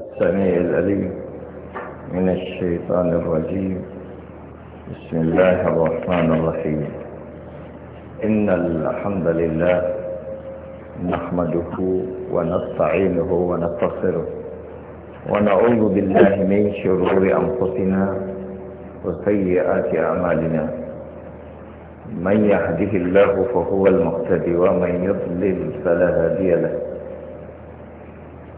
السميع الأليم من الشيطان الرجيم بسم الله الرحمن الرحيم إن الحمد لله نحمده ونستعينه ونتصره ونعوذ بالله من شرور أنفسنا وسيئات أعمالنا من يهده الله فهو المقتدي ومن يضلل فلا هادي له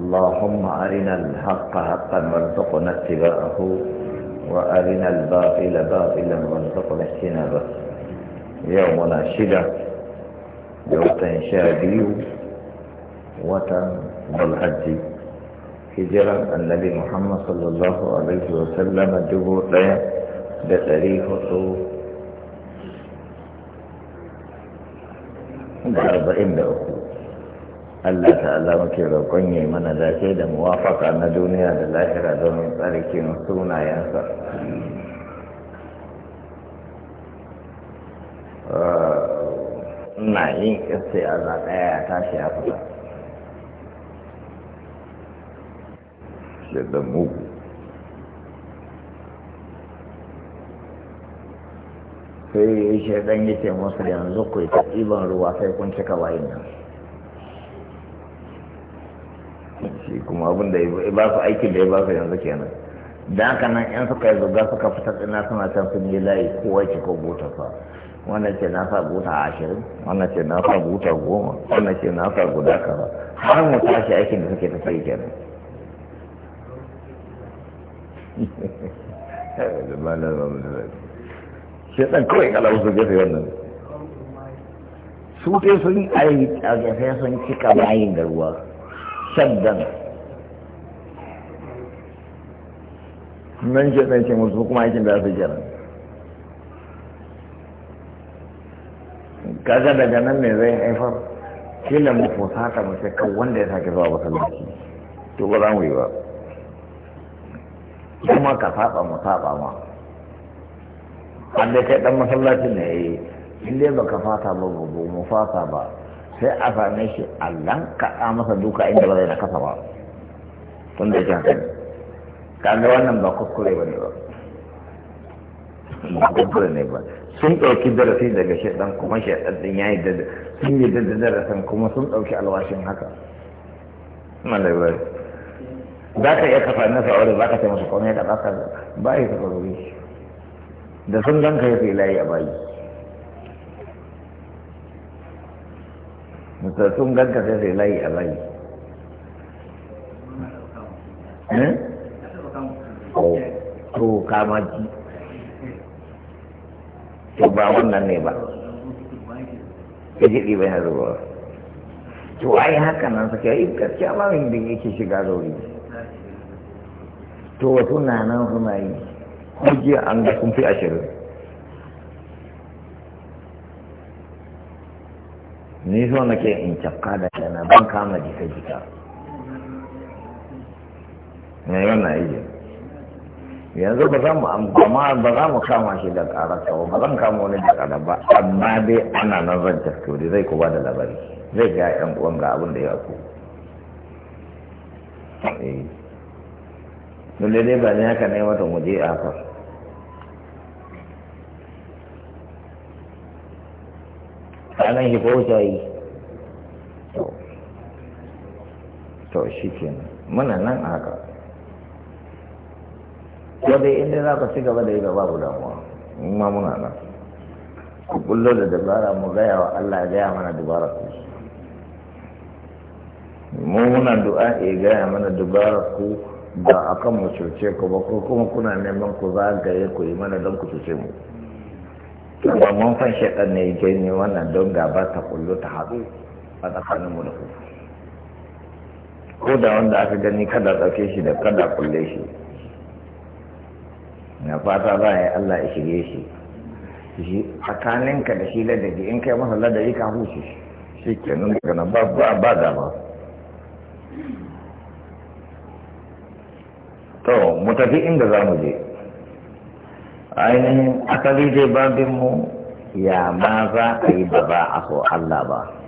اللهم أرنا الحق حقا وارزقنا اتباعه وأرنا الباطل باطلا وارزقنا اجتنابه يومنا شدة يوم شاديو وتن بالحج هجرة النبي محمد صلى الله عليه وسلم جبور ليا بتاريخه أربعين دقيقة Allah ta'ala muke roƙon ya mana dace da muwafaka na duniya da lahira domin tsarkin sunayensa ina yin ƙirce a zaɗaya ya tashi ya fita shi da mugu sai shaidan yake musu yanzu ku yi ta ɗiban ruwa sai kun cika wayin nan shi kuma abin da ya ba su aikin da ya ba su yanzu kenan da haka nan yan suka yi zuga suka fitar ina suna can sun yi layi kowa ce ko buta fa wannan ce na sa buta ashirin wannan ce na sa buta goma wannan ce na sa guda kaza har mu tashi aikin da suke ta kenan shi ɗan kawai kalau su gefe wannan su sun aiki a gefe sun cika bayin da ruwa shaddan nan ce ɗan ce musu kuma aikin da su kenan kaga daga nan ne zai haifar kila mu saka mu sai kan wanda ya sake zuwa masallaci to ba za mu yi ba kuma ka saba mu saba ma an da kai dan masallacin ne yi. Eh, in dai baka fata ba ba mu fata ba sai a same shi Allah kaɗa masa duka inda ba zai na kasa ba tun da yake haka kaga wannan ba kuskure ba ne ba ba kuskure ne ba sun ɗauki darasi daga shaidan kuma shaidan din ya yi dada sun yi da darasin kuma sun ɗauki alwashin haka malabar za ka iya kafa na sa'ori za ka ce masa komai ka ba ya taɓa da sun ganka ya fi layi a bayi mutu sun ganka sai sai layi a layi eh? oh, to kama to ba wannan ne ba ya jiɗi bai na zuwa to ai haka nan suke yi gaskiya ba min bin yake shiga zauri to wasu na nan suna yi kujiya an ga kun fi ashirin ni so ke in cakka da yana ban kama jika jika ne yana aiki yanzu ba za mu amma ba za mu kama shi da karanta ba zan kama wani da karanta ba amma dai ana nan zan tattauri zai kuma da labari zai ga yan uwan ga abin da ya ku dole eh. dai ba ne haka ne wata mu je a kan ana shi ko wuce yi to to shi kenan muna nan a haka ko dai inda za ka ci gaba da yi da babu damuwa ma muna nan ku kullo da dabara mu gaya wa Allah gaya mana dabara ku mu muna du'a ya eh, gaya mana dabara ku ba kan mu cuce ku ba ko kuma kuna neman ku yi ku yi mana don ku cuce mu amma mun fan ɗan ne ya ne wannan don gaba ta kullo ta haɗu a tsakanin mu da ku ko da wanda aka gani kada ɗauke shi da kada kulle shi na fata za a yi Allah ya shirye shi shi tsakaninka da shi ladabi in kai masa ladabi ka huce shi kenan daga nan ba ba ba ba to mu tafi inda za mu je ainihin asali dai babinmu ya ma za a yi ba ba a so Allah ba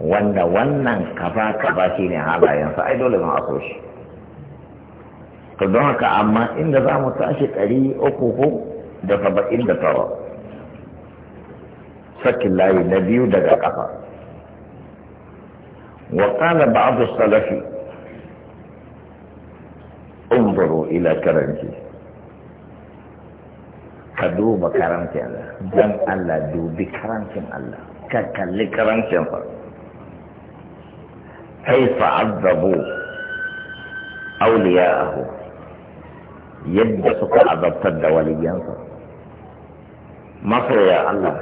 wanda wannan kafa kafa shi ne halayensa ai dole ma a shi to don haka amma inda za mu tashi ɗari uku ko da saba'in da tara sakin layi na biyu daga kafa wa qala ba'd salafi انظروا الى كرمتي ka duba karamcin Allah don Allah dubi karamcin Allah ka kalli karamcin fa kaifa azabu auliya'ahu yadda suka azabtar da waliyansa masoya Allah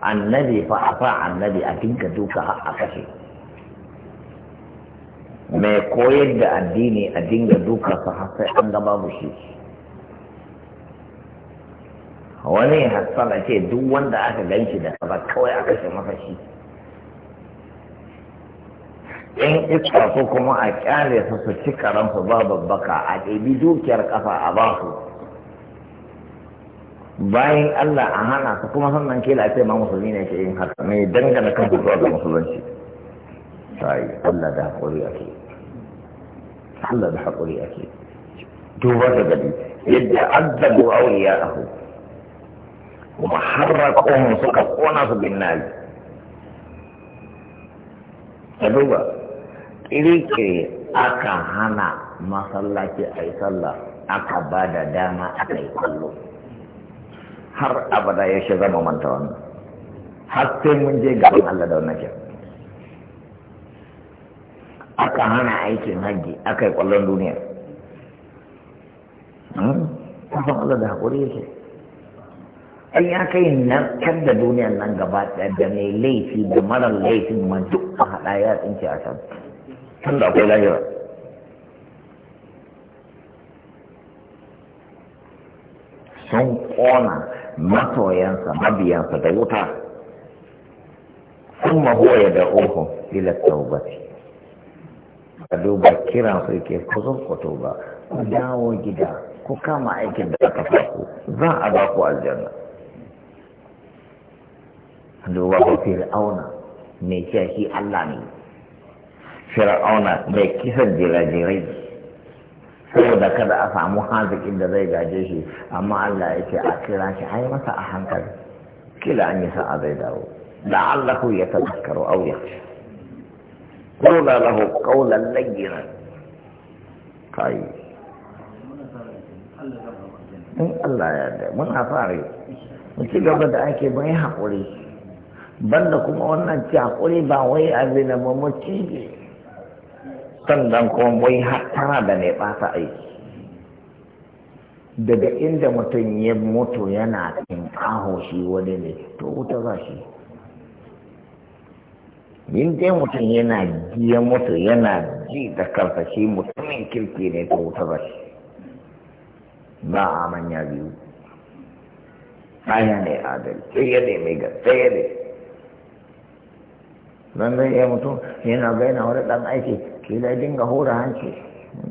annabi fa afa annabi a dinka duka a kashe mai koyar da addini a dinga duka sa har sai an gaba mu shi wani hassana ce duk wanda aka ganshi da kaza kawai aka kashe masa in iska su kuma a kyale su su ci su ba babbaka a ɗabi dukiyar ƙafa a ba su bayan Allah a hana su kuma sannan ke lafiya ma musulmi ne ke yin haka mai dangana kan zuwa ga musulunci sai Allah da haƙuri ake Allah da haƙuri ake duba da gari yadda azzabu ahu kuma harraqahum suka kona su bin nari ka duba rike aka hana masallaci a yi sallah aka ba da dama aka yi kallo har abada ya shiga mamanta wannan har sai mun je gaban Allah da wannan kyan aka hana aikin hajji aka yi kwallon duniya hmm? kafin Allah da haƙuri yake an ya kai kan da duniyan nan gaba da mai laifi da marar laifin ma duk a haɗa ya tsinci a can tun da akwai lahira sun ƙona masoyansa mabiyansa da wuta sun mahoya da oho, ila taubati ka duba kiran su ke ku tuba ku dawo gida ku kama aikin da aka faku za a ba ku aljanna duba ku fir'auna mai kyaki shi Allah ne fir'auna bai kisan jirajirai saboda kada a samu hazikin da zai gaje shi amma Allah ya ce a kira shi a yi masa a hankali kila an yi sa'a zai dawo da ku ya tazakkaru aw yakhsha qula ku qawlan layyinan kai in Allah ya da muna fare mu ci gaba da ake bai haƙuri banda kuma wannan ci haƙuri ba wai abin da mu ci sannan kuma mai hattara da mai ɓata aiki daga inda mutum ya mutu yana aho shi wani ne to wuta za shi yin dai mutum yana ji ya mutu yana ji da karsa shi mutumin kirki ne to wuta za shi ba a manya biyu Aya ne adal tsaye ne mai tsaye ne don zai iya mutum yana gaina wani ɗan aiki kila dinga hura hanci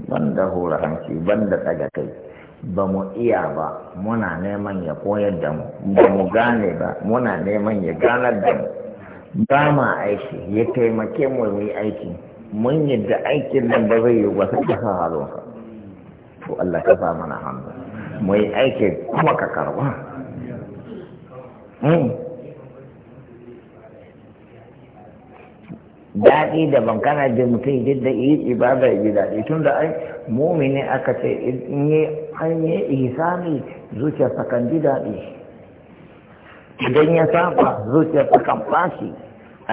ban da hura hanci ban da tsaga kai ba mu iya ba muna neman ya koyar da mu ba mu gane ba muna neman ya ganar da mu ba ma aiki ya taimake mu yi aiki mun yadda aikin nan ba zai yi ba sai ka haro ka to Allah ka sa mana hannu mu yi aiki kuma ka karba hmm. daɗi daban kana jin mutum da yi ibada ya ji daɗi tun da ai mumini aka ce in yi an yi ihsani zuciyarsa sakan ji daɗi idan ya saba zuciya sakan fashi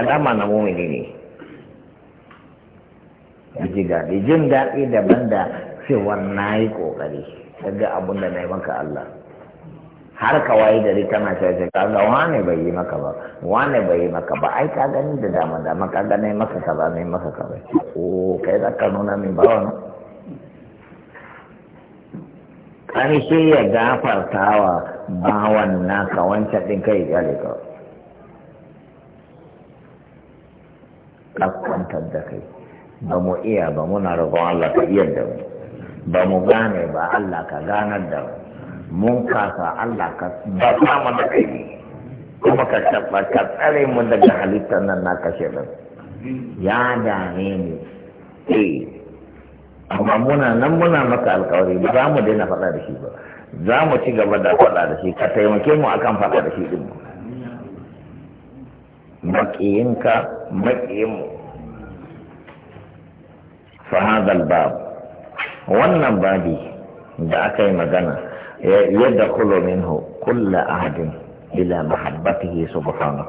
dama na mumini ne ya ji daɗi jin daɗi daban da cewar na yi ƙoƙari daga abin da na yi maka Allah har ka waye gari kana shaje ka ga wane bai yi maka ba wane bai yi maka ba ai ka gani da dama dama ka ga nai maka kaza nai maka kaza o kai za ka nuna min ba wani karshe ya gafartawa bawan naka wancan din kai iyali ka kwantar da kai ba mu iya ba muna roƙon Allah ka iya da mu ba mu gane ba Allah ka ganar da mu mun kasa Allah ka ba mun da kai kuma ka ka tsare mu daga halittar nan na kashe ba ya dame ni eh amma muna nan muna maka alƙawari ba mu daina faɗa da shi ba za mu ci gaba da faɗa da shi ka taimake mu akan faɗa da shi din mu maƙiyinka maƙiyinmu fa hadal bab wannan babi da aka yi magana يدخل منه كل أحد إلى محبته سبحانه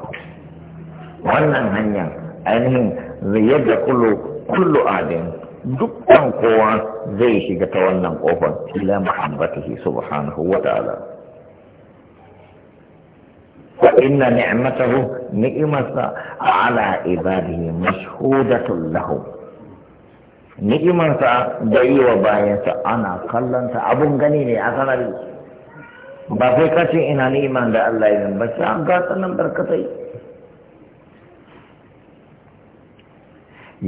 wannan hanyar ainihin yadda kullu adin dukkan kowa zai shiga ta wannan kofar ila muhammadihi subhanahu wa ta'ala fa inna ni'matahu ni'mata ala ibadihi mashhudatun lahum ni'imarsa da yi wa bayansa ana kallonta abun gani ne a sanari ba sai kacin ina ni'imar da Allah ya ba sai an gasa nan barkatai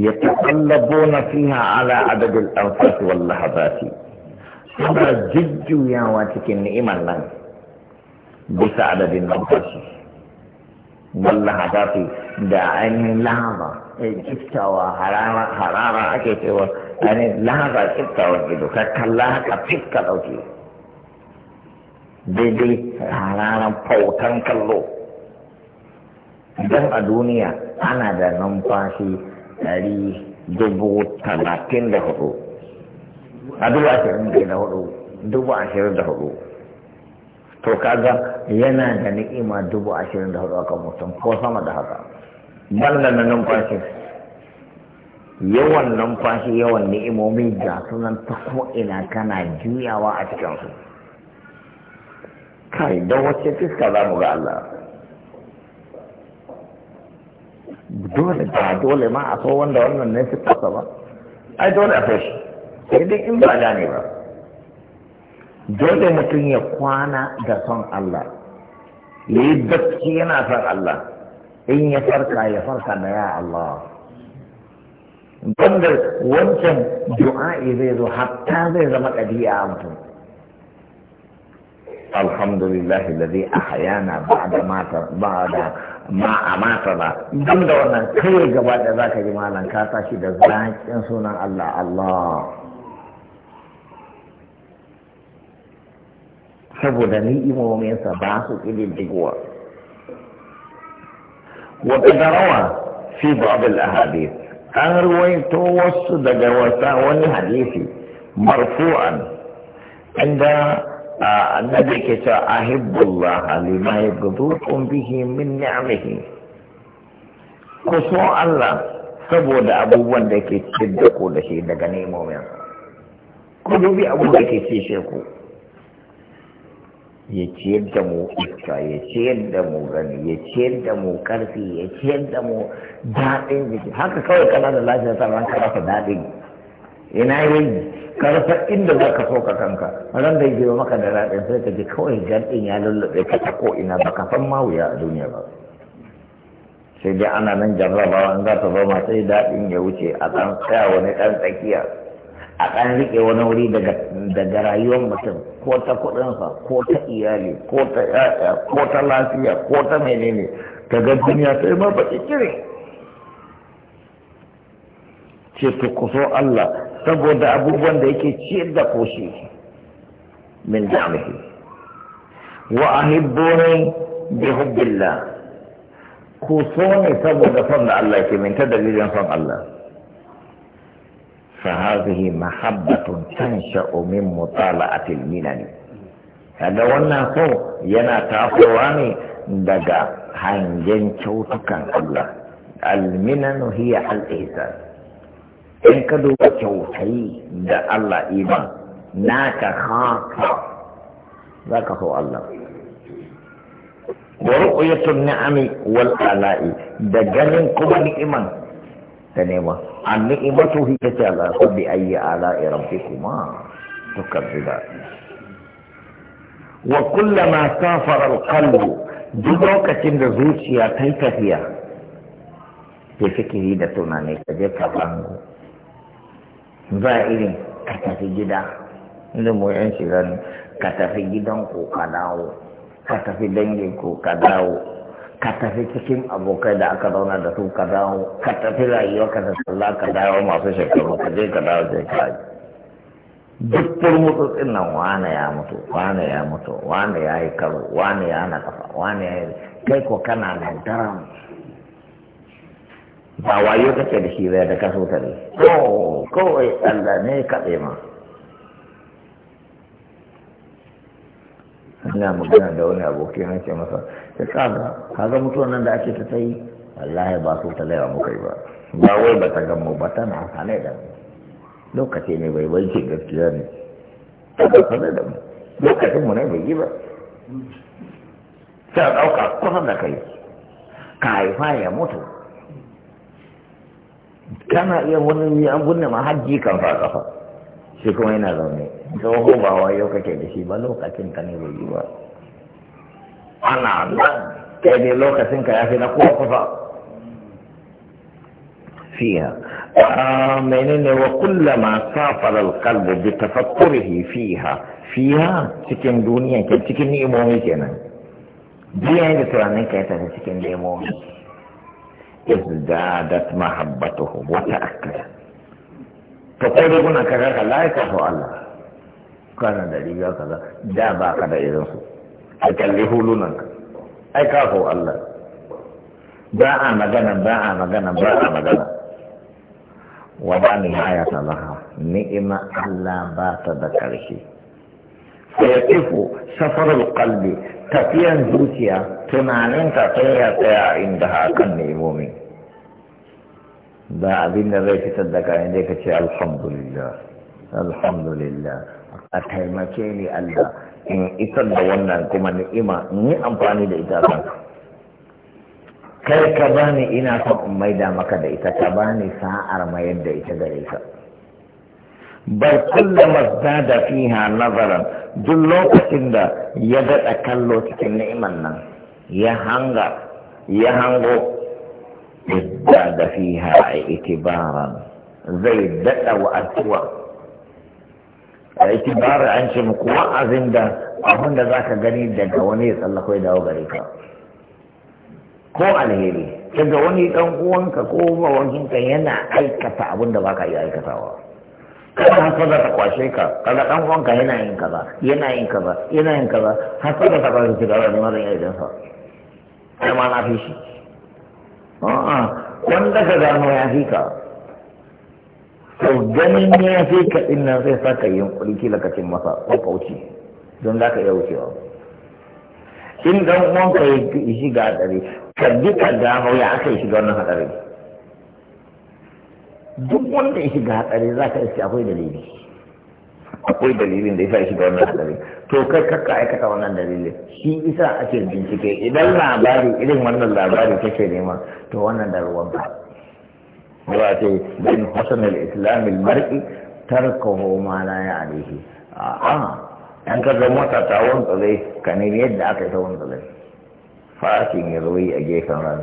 ya taƙallabo na fiha ala adadin ɗanfasi wallaha zafi suna jujjuyawa cikin ni'iman nan bisa adadin numfashi hadafi da ainihin lahaba eh, kiftawa harara ake cewa ainihin lahaba kiftawa ido ka kalla haka fiska dauke daidai hararan fautan kallo idan a duniya ana da numfashi ɗari dubu talatin da hudu a dubu ashirin da hudu dubu ashirin da hudu to kaga yana da ni'ima dubu ashirin da hudu akan mutum ko sama da haka balla na numfashi yawan numfashi yawan ni'imomi ga sunan ta ina kana juyawa a cikinsu kai don wacce fiska za mu ga Allah dole ba dole ma a so wanda wannan ne fiska ba ai dole a fashi sai dai in ba gane ba dole mutum ya kwana da son Allah ya yi bacci yana son Allah in ya farka ya farka da ya Allah banda wancan du'a'i zai zo hatta zai zama ɗabi'a a mutum alhamdulillah alladhi ahyana ba'da mata ba'da ma ba banda wannan kai gaba da zaka ji malan ka tashi da zakin sunan Allah Allah saboda ni'imominsa ba su digowa wata darawa fi babil ahadith an ruwaito wasu daga wasa wani hadisi marfu'an inda annabi ke cewa ahibbullah lima tun bihi min ni'amihi ku so Allah saboda abubuwan da ke cikin da ku da shi daga nemomin ku dubi abubuwan da ke cikin ku ya ciyar da mu iska ya ciyar da mu gani ya ciyar da mu karfi ya ciyar da mu daɗin jiki haka kawai kana da lafiya sa ranka rasa daɗin ina yi karfa inda za ka soka kanka ran da ya maka da daɗin sai ka ji kawai gardin ya lullube ka ta ko ina ba ka san ma a duniya ba sai dai ana nan jarrabawa in za ta zama sai daɗin ya wuce a ɗan tsaya wani ɗan tsakiya a kan riƙe wani wuri daga rayuwar mutum ko ta kudinsa ko ta iyali ko ta ko ta lafiya ko ta menene ka ga duniya sai ma baki kire ce to ku Allah saboda abubuwan da yake ciyar da koshi min da'amihi wa ahibbuni bi hubbillah ku so ne saboda son da Allah yake min ta dalilin son Allah فهذه محبة تنشأ من مطالعة المنن هذا وانا سو ينا تأخواني دقا هنجن شوتكا الله المنن هي الإحسان إن كدو شوتي دا الله إيمان ناك خاصة ذاك هو الله ورؤية النعم والآلاء دقا من قبل إيمان تنمو النعمة هي تعالى فبأي آلاء ربكما تكذبان وكلما سافر القلب دلوكة زوجيا da tunani ka je ka bango ba irin ka tafi gida inda mu yan shiga ka tafi gidan ku ka dawo ka tafi dangin ku ka dawo ka tafi cikin abokai da aka zauna da su ka dawo ka tafi rayuwa ka da sallah ka dawo masu shekaru ka je ka dawo je ka yi duk turmutsu din nan wane ya mutu wane ya mutu wane ya yi karo wane ya na kafa wane ya yi kai ko kana nan daram ba wayo kake da shi bai da kaso ta ne kawai Allah ne kaɗe ma ina magana da wani aboki na ce masa ta kaga kaga mutuwan nan da ake ta ta yi wallahi ba su ta laiwa muka yi ba ba wai ba ta gamu ba tana hane da mu lokaci ne bai bai ce gaskiya ne ta ga hane da mu lokacin mu ne bai yi ba sai ɗauka kusa da kai ka haifa ya mutu kana iya wani an gunne ma hajji kan fa kafa shi kuma yana zaune tsoho ba wa yau kake da shi ba lokacin ka ne bai yi ba ana nan kai ne lokacin ka ya fi na kowa kusa fiya menene wa kulla ma safar alqalbu bi tafakkurihi fiha fiha cikin duniya ke cikin ni'imomi kenan biya da tunanin ka ta tafi cikin ni'imomi izdadat mahabbatuhu wata ta'akkada to ko da kuna kaga ka laika ko Allah kana da riga kaza da ba ka da irin su a kalli hulunan ai kafo Allah ba a magana ba a magana ba a magana wadani haya ta laha ni'ima Allah ba ta da ƙarshe sai tifu safarul kalbi tafiyan zuciya tunanin sai ya tsaya inda hakan ne, ne'imomin ba abin da zai fitar da kayan dai ka ce alhamdulillah alhamdulillah a taimake ni Allah in isar da wannan kuma ni'ima in yi amfani da ita kan kai ka bani ina son in maida maka da ita ka bani sa'ar mayar da ita gare ka bar kullama zada fiha nazaran duk lokacin da ya daɗa kallo cikin ni'iman nan ya hanga ya hango zada fiha a itibaran zai daɗa wa'atuwa Aiki itibara an ce muku wa'azin da abin da za ka gani daga wani ya tsallakwai dawo gare ka ko alheri daga wani dan uwanka ko mawankinka yana aikata abin da baka iya aikatawa kada hasada ta kwashe ka kada dan uwanka yana yin kaza yana yin kaza yana yin kaza hasada ta kwashe ka da yin aikin sa ma na fi shi a'a wanda ka gano ya fi ka sau ganin ya fi ka nan zai sa ka yi yunkuri kila ka masa ko kauci don za ka iya wucewa in dan uwan ka yi shiga hadari ka ji ka dawo ya aka yi shiga wannan hadari duk wanda ya shiga hadari za ka iske akwai dalili akwai dalilin da ya sa ya shiga wannan hadari to kai kakka aikata wannan dalilin shi isa ake bincike idan labari irin wannan labari kake nema to wannan da ruwan ba zuwa ce bin al-islam al mar'i tarkahu ma la ya alihi a'a an ka ga mota ta wantsale ka nemi yadda aka yi ta wantsale fashin ya zoyi a gefen a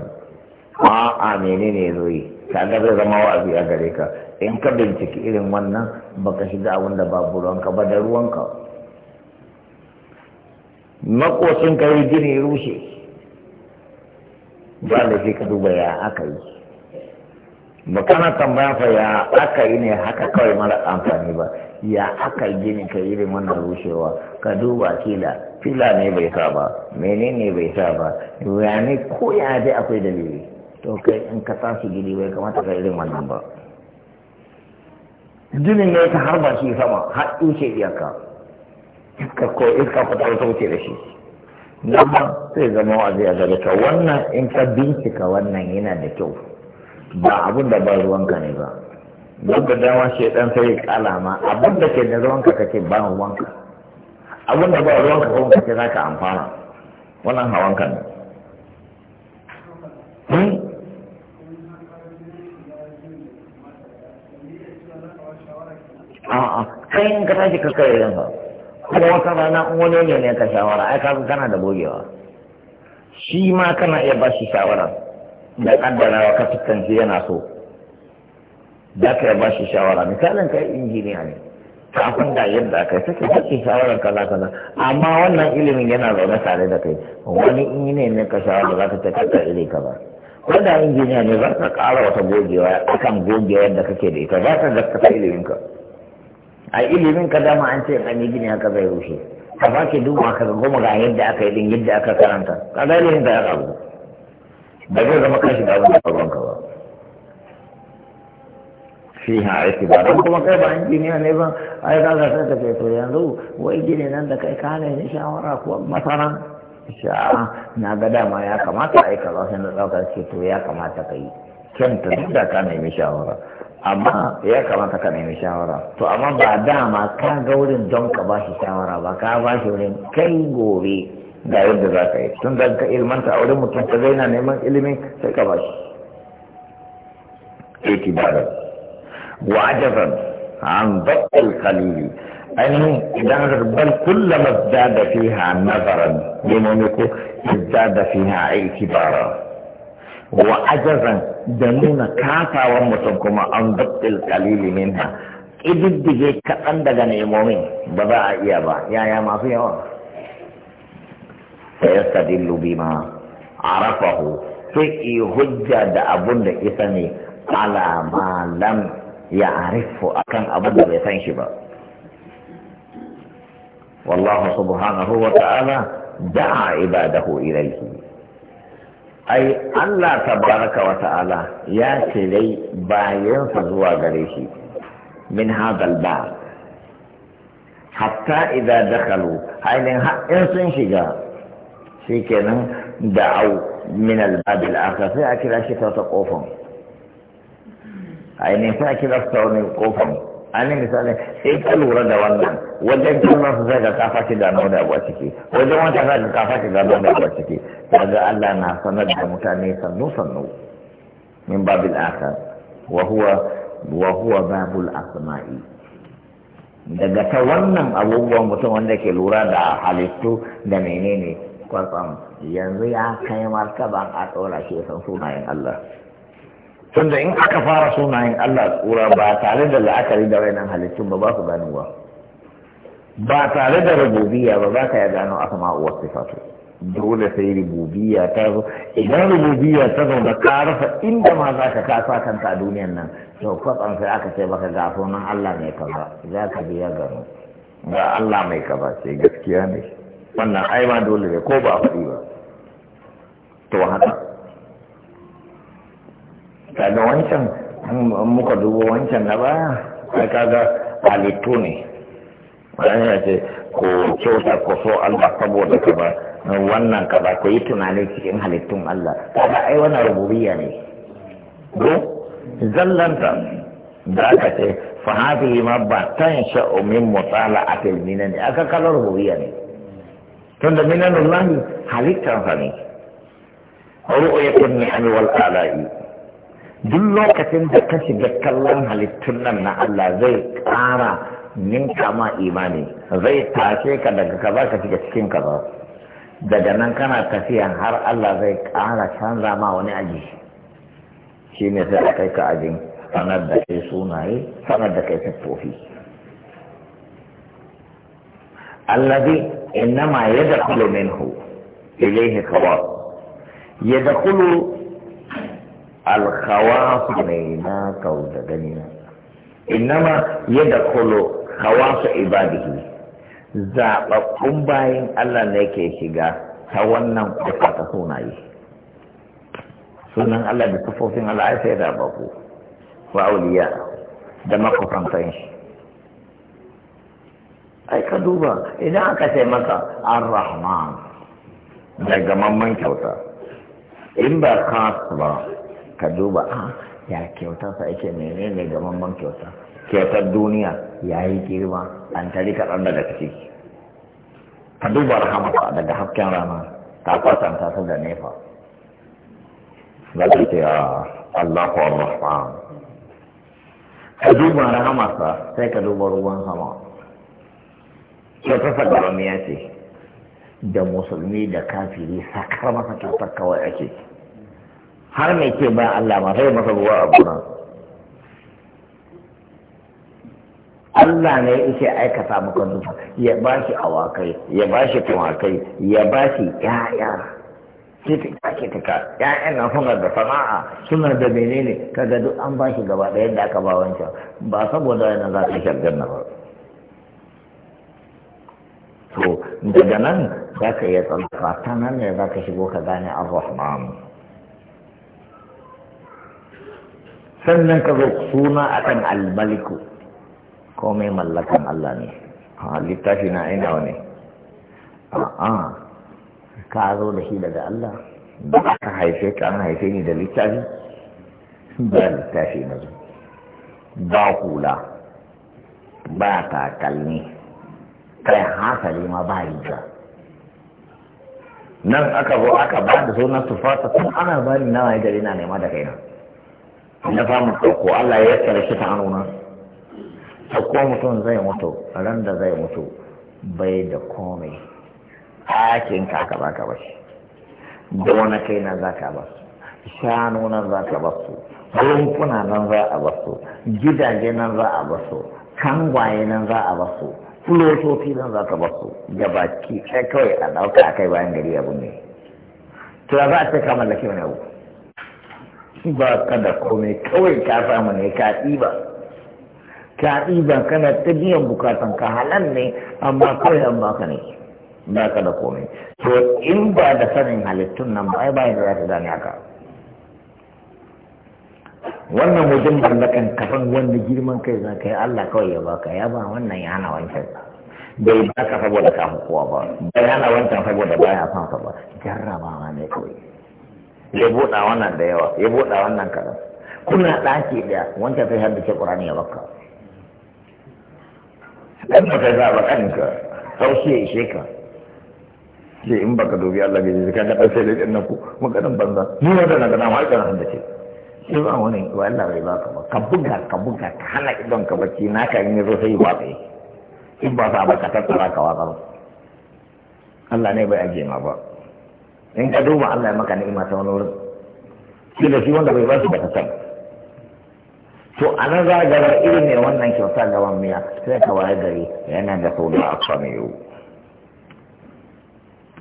a'a menene ya zoyi ka ga zai zama wa'azi a gare ka in ka binciki irin wannan baka shiga abin da babu ruwanka ba da ruwanka makocin ka yi gini rushe ba da sai ka duba ya aka yi ba kana tambaya fa ya aka yi ne haka kawai mara amfani ba ya aka yi gini ka yi irin wannan rushewa ka duba kila fila ne bai sa ba menene bai sa ba ya ne ko ya dai akwai dalili to kai in ka tashi gini bai kamata ka irin wannan ba Gini ne ta harba shi sama har ce iyaka iska ko iska ko ta wuce da shi nan sai zama wa zai a gaba wannan in ka bincika wannan yana da kyau ba abin da ba ruwanka ne ba don da dama shaidan sai ya kala ma abun da ke da ruwanka kake ba ruwanka abin da ba ruwanka ko kake za ka amfana wannan hawanka ne hmm? a'a kai in ka tashi ka kai yanka kuma wata rana wani ne ne ka shawara ai ka kana da gogewa shi ma kana iya ba shi shawara da kaddarawa ka fuskanci yana so da ka ba shi shawara misalin kai injiniya ne kafin da yadda aka yi take take shawarar kaza kaza amma wannan ilimin yana zaune tare da kai wani injiniya ne ka shawara za ka ta kakka iri ka ba wanda injiniya ne za ka ƙara wata gogewa akan gogewa yadda kake da ita za ka gaskata ilimin ka a ilimin ka dama an ce an yi gini haka zai rushe ka ba ke duba ka goma ga yadda aka yi din yadda aka karanta kaza ilimin da ya ƙaru ba zai zama kashi da abin da ka banka ba shi ha aiki ba don kuma kai ba injiniya ne ba ai ka ga sai ka ce to yanzu wai gini nan da kai ka ne shawara ko masana sha na ga dama ya kamata a yi ka sai na dauka ce to ya kamata ka yi kyanta duk da ka nemi shawara amma ya kamata ka nemi shawara to amma ba dama ka ga wurin don ka ba shi shawara ba ka ba shi wurin kai gobe ga yadda za ka yi tun da ka ilmanta a wurin mutum ka zaina neman ilimin sai ka bashi eti barar wa ajazan an bakkal kalili ainihin idan kulla mazda da fi ha nazaran nemomi ko mazda da fi ha aiki bara wa ajazan da nuna kasawar mutum kuma an bakkal kalili minha ƙididdige kaɗan daga nemomin ba za a iya ba yaya masu yawa سيستدل بما عرفه فكي هجة دا أبن إثني على ما لم يعرفه أكن أبن إثني شبا والله سبحانه وتعالى دعا عباده إليه أي الله تبارك وتعالى يا سيدي باين فزوى غريش من هذا الباب حتى إذا دخلوا هاي لنها إنسان شجار shi kenan da'au min bab al-akhar sai a kira shi ta kofan ainihin sai a kira ta wani kofan an misali sai ka lura da wannan wajen kalmar su sai ka kafa ki gano da abuwa ciki wajen wata sai ka kafa ki gano da abuwa ciki daga Allah na sanar da mutane sannu sannu min al akhar wa huwa wa huwa babul asma'i daga ta wannan abubuwan mutum wanda ke lura da halittu da menene kwatsam yanzu ya kai martaban a tsora shi san sunayen Allah tunda in aka fara sunayen Allah tsura ba tare da la'akari da wainan halittun ba ba su gano ba ba tare da rububiya ba za ka ya gano asma'u sifatu dole sai rububiya ta zo idan rububiya ta zo da ka rasa inda ma za ka kasa kanta a duniyan nan to kwatsam sai aka ce baka ga sunan Allah mai kaza za ka biya gano ga Allah mai kaza ce gaskiya ne wannan ai ma dole ne ko ba kuɗi? faɗi ba to haka kaga wancan muka dubo wancan na baya ai kaga halittu ne wani ya ce ko kyauta ko so Allah saboda ka ba wannan ka ba ku yi tunanin cikin halittun Allah kaga ai wannan rububiyya ne ko zallanta da aka ce fa hadhihi ma ba tan sha'u min filmina minani aka kalar rububiyya ne Tunda da minan halittar sa ne ru'yatun ni'am wal ala'i duk lokacin da ka shiga kallon halittun nan na Allah zai ƙara ninka ma imani zai tashe ka daga kaza ka shiga cikin kaza daga nan kana tafiya har Allah zai ƙara canza ma wani aji shi ne sai a kai ka ajin sanar da kai sunaye sanar da kai siffofi allazi إنما يدخل منه إليه خواص يدخل الخواص مينا قود دنيا إنما يدخل خواص عباده zaɓaɓɓun bayan Allah ne ke shiga ta wannan kuka ta sunaye sunan Allah da sufofin Allah ai sai zaɓaɓɓu wa auliya da makusantan shi ai ka duba idan aka ce maka ar-rahman daga mamman kyauta in ba kas ba ka duba a ah, ya kyauta sa ake menene ga mamman kyauta kyautar duniya ya yi girma an tari kaɗan daga ciki ka duba rahamata daga hafken rana ta kwatanta su da nefa za ta ce ah, Allahu ar ka duba sa sai ka duba ruwan sama kyautata garamiya ce da musulmi da kafiri sakar masa kyautar kawai ake har mai ke ba Allah ma sai masa ruwa a gona Allah ne yake aikata maka duka ya ba shi awakai ya ba shi tumakai ya ba shi ƴaƴa ke ta kake ta ka ƴaƴan na suna da sana'a suna da menene kaga duk an ba shi gaba ɗaya da aka ba wancan ba saboda yana za ka shi aljanna ba daga nan za ka iya tsallaka ta nan ne za ka shigo ka gane ar-rahman sannan ka zo suna akan al-maliku ko mai mallakan Allah ne a littafi na ina wani a'a ka zo da shi daga Allah ba ka haife ka an haife ni da littafi ba littafi na zo ba hula ba takalmi kai hankali ma ba riga nan aka zo aka ba da sunan tufata tun ana bari na wani gari na nema da kaina na famu ko Allah ya tsara shi ta anuna ko mutum zai mutu ran da zai mutu bai da komai ɗakin ka aka baka ba shi da wani kai na za ka ba su shanu nan za ka ba su rumfuna nan za a ba su gidaje nan za a ba su kangwaye nan za a ba su filosofi nan za ka basu da baki kai kawai a ɗauka a kai bayan gari abu ne to za a ce ka mallaki wani abu ba ka da komai kawai ka samu ne ka ɗiba ka ɗiba kana ta biyan bukatan ka halan ne amma kawai an baka ne ba ka da komai to in ba da sanin halittun nan ba ai bayan da za ta gane haka wannan wajen kan kafan wanda girman kai za ka yi Allah kawai ya baka ya ba wannan ya hana wancan bai baka saboda ka kowa ba bai hana wancan saboda baya son ka ba jarrabawa ne kawai ya buɗa wannan da yawa ya buɗa wannan kaɗan kuna ɗaki ɗaya wancan sai haddace ƙurani ya baka ɗan ba ka zaɓa kanka haushe ya ishe ka in baka dubi Allah bai zai ka ga ɗan sai da ɗan na ku maganin banza ni wanda na gana ma ita na haddace sai ba wani ko Allah bai ba ka ba ka buga ka buga ka hana idon ka bacci na ka yi zo sai ba kai in ba sa ba ka tattara ka wa ba Allah ne bai ajiye ma ba in ka duba Allah ya maka ni'ima ta wani wurin shi da shi wanda bai ba shi ba ka san to a nan za a gara irin ne wannan kyauta gaban miya sai ka waye gari yana da sauna a kwamiyo.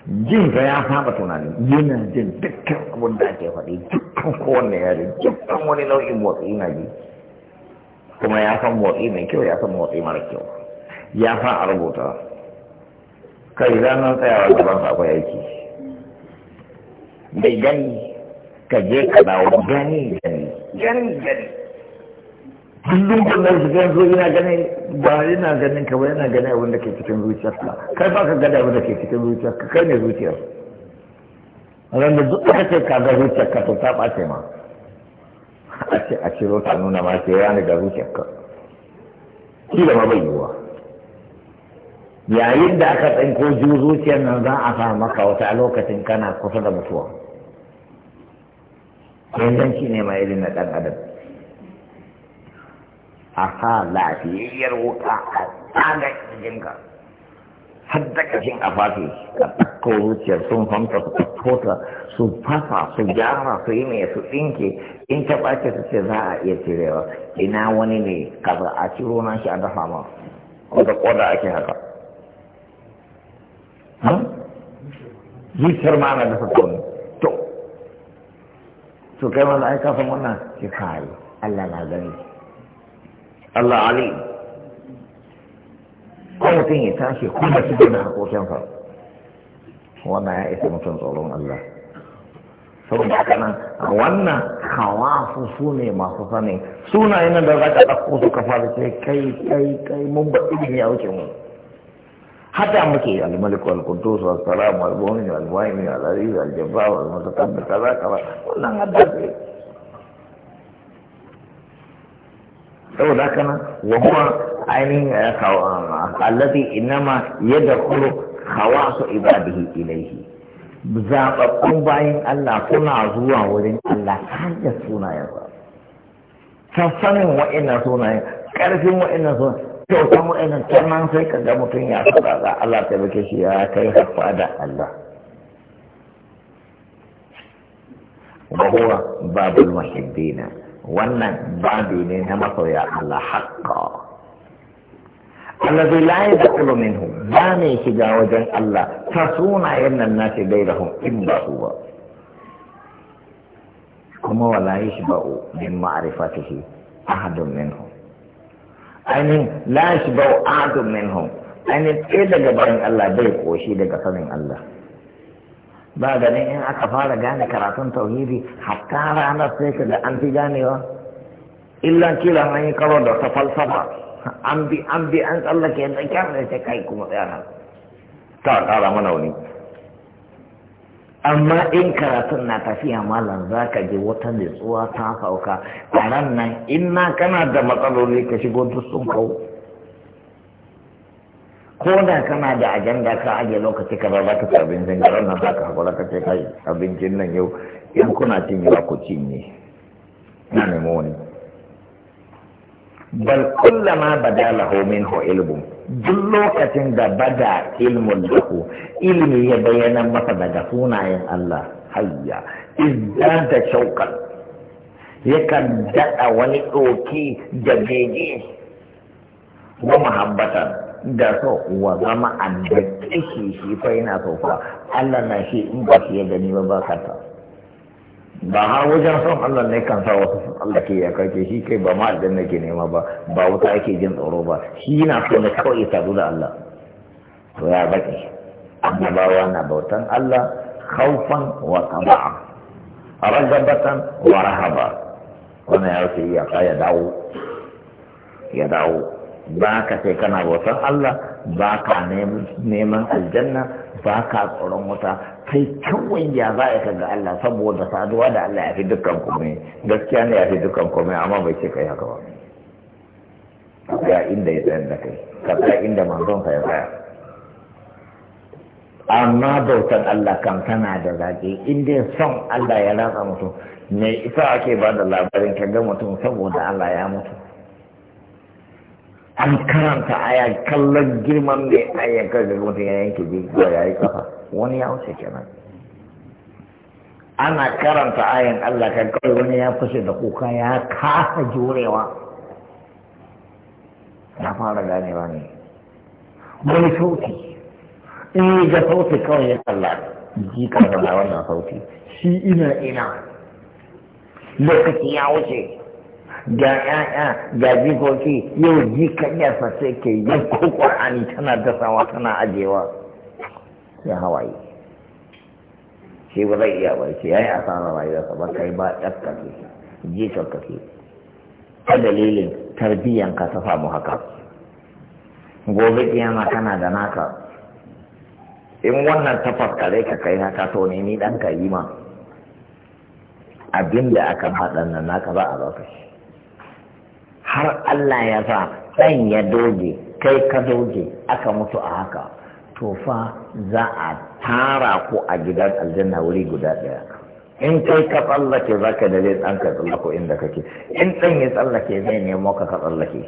jin ka ya saba tunanin yana jin dukkan abin da ake faɗi dukkan kowanne yare dukkan wani nau'in motsi yana ji kuma ya san motsi mai kyau ya san motsi mara kyau ya san a rubuta kai ranar tsayawa gaban akwai aiki bai gani ka je ka dawo gani gani gani gani kullum kullum su gani so yana gani ba yana ganin ka ba yana ganin abin da ke cikin zuciyarka kai ba ka gada abin da ke cikin zuciyarka kai ne zuciyar ran da duk aka ce ka ga zuciyarka to ta bace ma a ce a ciro ta nuna ma ce ya ne ga zuciyarka shi da bai yiwuwa yayin da aka tsinko ju zuciyar nan za a sa maka wata lokacin kana kusa da mutuwa yanzu ne ma irin na ɗan adam a sa lafiyayyar wuka a tsaga jikinka har da cikin a fafi ka ɗauko wuciyar sun famta su ɗauko su fasa su gyara su yi mai su ɗinke in ta ɓace su ce za a iya cirewa ina wani ne kaza a ciro na shi a dafa ma wanda ƙoda ake haka hmm? zuciyar ma na dafa kawai to to kai a yi kafin wannan ki kayi Allah na gani Allah Ali ko mutum ya tashi kuma shi da fa wannan ya isa mutum tsoron Allah saboda haka nan wannan hawafu su ne masu sani suna yana da za ka ɗauko su kafa da ce kai kai kai mun ba ne ya wuce mu hata muke wa almaliku alkudus wassalamu almu'min almu'min alaziz aljabbar almutakabbir kaza kaza wannan hadda saboda haka nan wa kuma ainihin eh, eh, allazi inama yadkhulu khawasu ibadihi ilayhi zababbun bayan Allah kuna zuwa wurin Allah har da sunayensa ta sanin wa'ina sunayen ƙarfin wa'ina sunayen kyautan wa'ina sannan sai ka ga mutum ya faɗa za Allah ta bake shi ya kai hafa da Allah wa huwa babul muhibbina wannan babi ne na masoya Allah haƙƙa الذي لا يدخل منه باني شجا وجن الله تصونا ان الناس غيرهم الا هو كما ولا يشبع من معرفته احد منهم يعني لا يشبع احد منهم يعني ايه ده جبان الله بيقوشي ده كفن الله ba ganin in aka fara gane karatun tauhidi hatta ranar sai ka da an fi ganewa illa kila an yi karo da ta falsafa an bi an bi an tsallake yadda kyan da sai kai kuma tsaya ta kara mana wani amma in karatun na tafiya malam za ka ji wata nutsuwa ta sauka a nan nan in na kana da matsaloli ka shigo duk sun kawo ko da kana da ajanda ka ajiye lokaci ka ba za ka ci abincin garin nan za ka haƙura ka ce kai abincin nan yau in kuna cinyewa ku cinye na nemo wani bal kullama bada lahu minhu ilmun duk lokacin da bada ilmun lahu ilmi ya bayyana masa daga sunayen Allah hayya da shauqan yakan daɗa wani ɗoki da gege wa Mahabbatar. da so wa zama an da kishi shi fa yana so fa Allah na shi in ba shi ya gani ba ba ta ba har wajen son Allah ne kan sa wasu son Allah ke ya kake shi kai ba ma da ke nema ba ba wuta ake jin tsoro ba shi yana so ne kawai ya sadu da Allah to ya baki annabawa na bautan Allah khaufan wa tama'a ragabatan wa rahaba wannan ya ya ka ya dawo ya dawo ba ka sai kana bautar Allah ba ka neman aljanna ba ka tsoron wuta kai kawai ya za a ga Allah saboda saduwa da Allah ya fi dukkan kome gaskiya ne ya fi dukkan kome amma bai ce kai haka ba ya inda ya tsayar da kai ka tsaya inda manzon ka ya tsaya amma bautan Allah kan tana da zaƙi inda son Allah ya ratsa mutum me isa ake ba da labarin ka ga mutum saboda Allah ya mutu an karanta aya kallon girman mai aya kaga mutum ya yanke jijiya ya yi kafa wani ya wuce kenan ana karanta ayan Allah kan kawai wani ya fashe da kuka ya kasa jurewa Ya fara ganewa ne wani sauti in eh, yi ga sauti kawai ya kalla jikar da wannan sauti shi ina ina lokaci ya wuce ga ƴaƴa ga jikoki yau ji jikanyarsa sai ke yanko Ani tana dasawa tana ajewa ya hawaye shi ba zai iya bai ya yi asarar rayuwarsa ba kai ba ɗaskar ke ji ka ke ta dalilin tarbiyyan ka ta samu haka gobe kiyama kana da naka in wannan ta faskare ka kai haka to ne ni ɗan ka yi ma abin da aka haɗa nan naka ba a lokaci. har Allah ya sa ɗan ya doge kai ka doge aka mutu a haka to fa za a tara ko a gidan aljanna wuri guda ɗaya in kai ka tsallake za ka da zai ɗan ka tsallako inda kake in ɗan ya tsallake zai nemo ka ka tsallake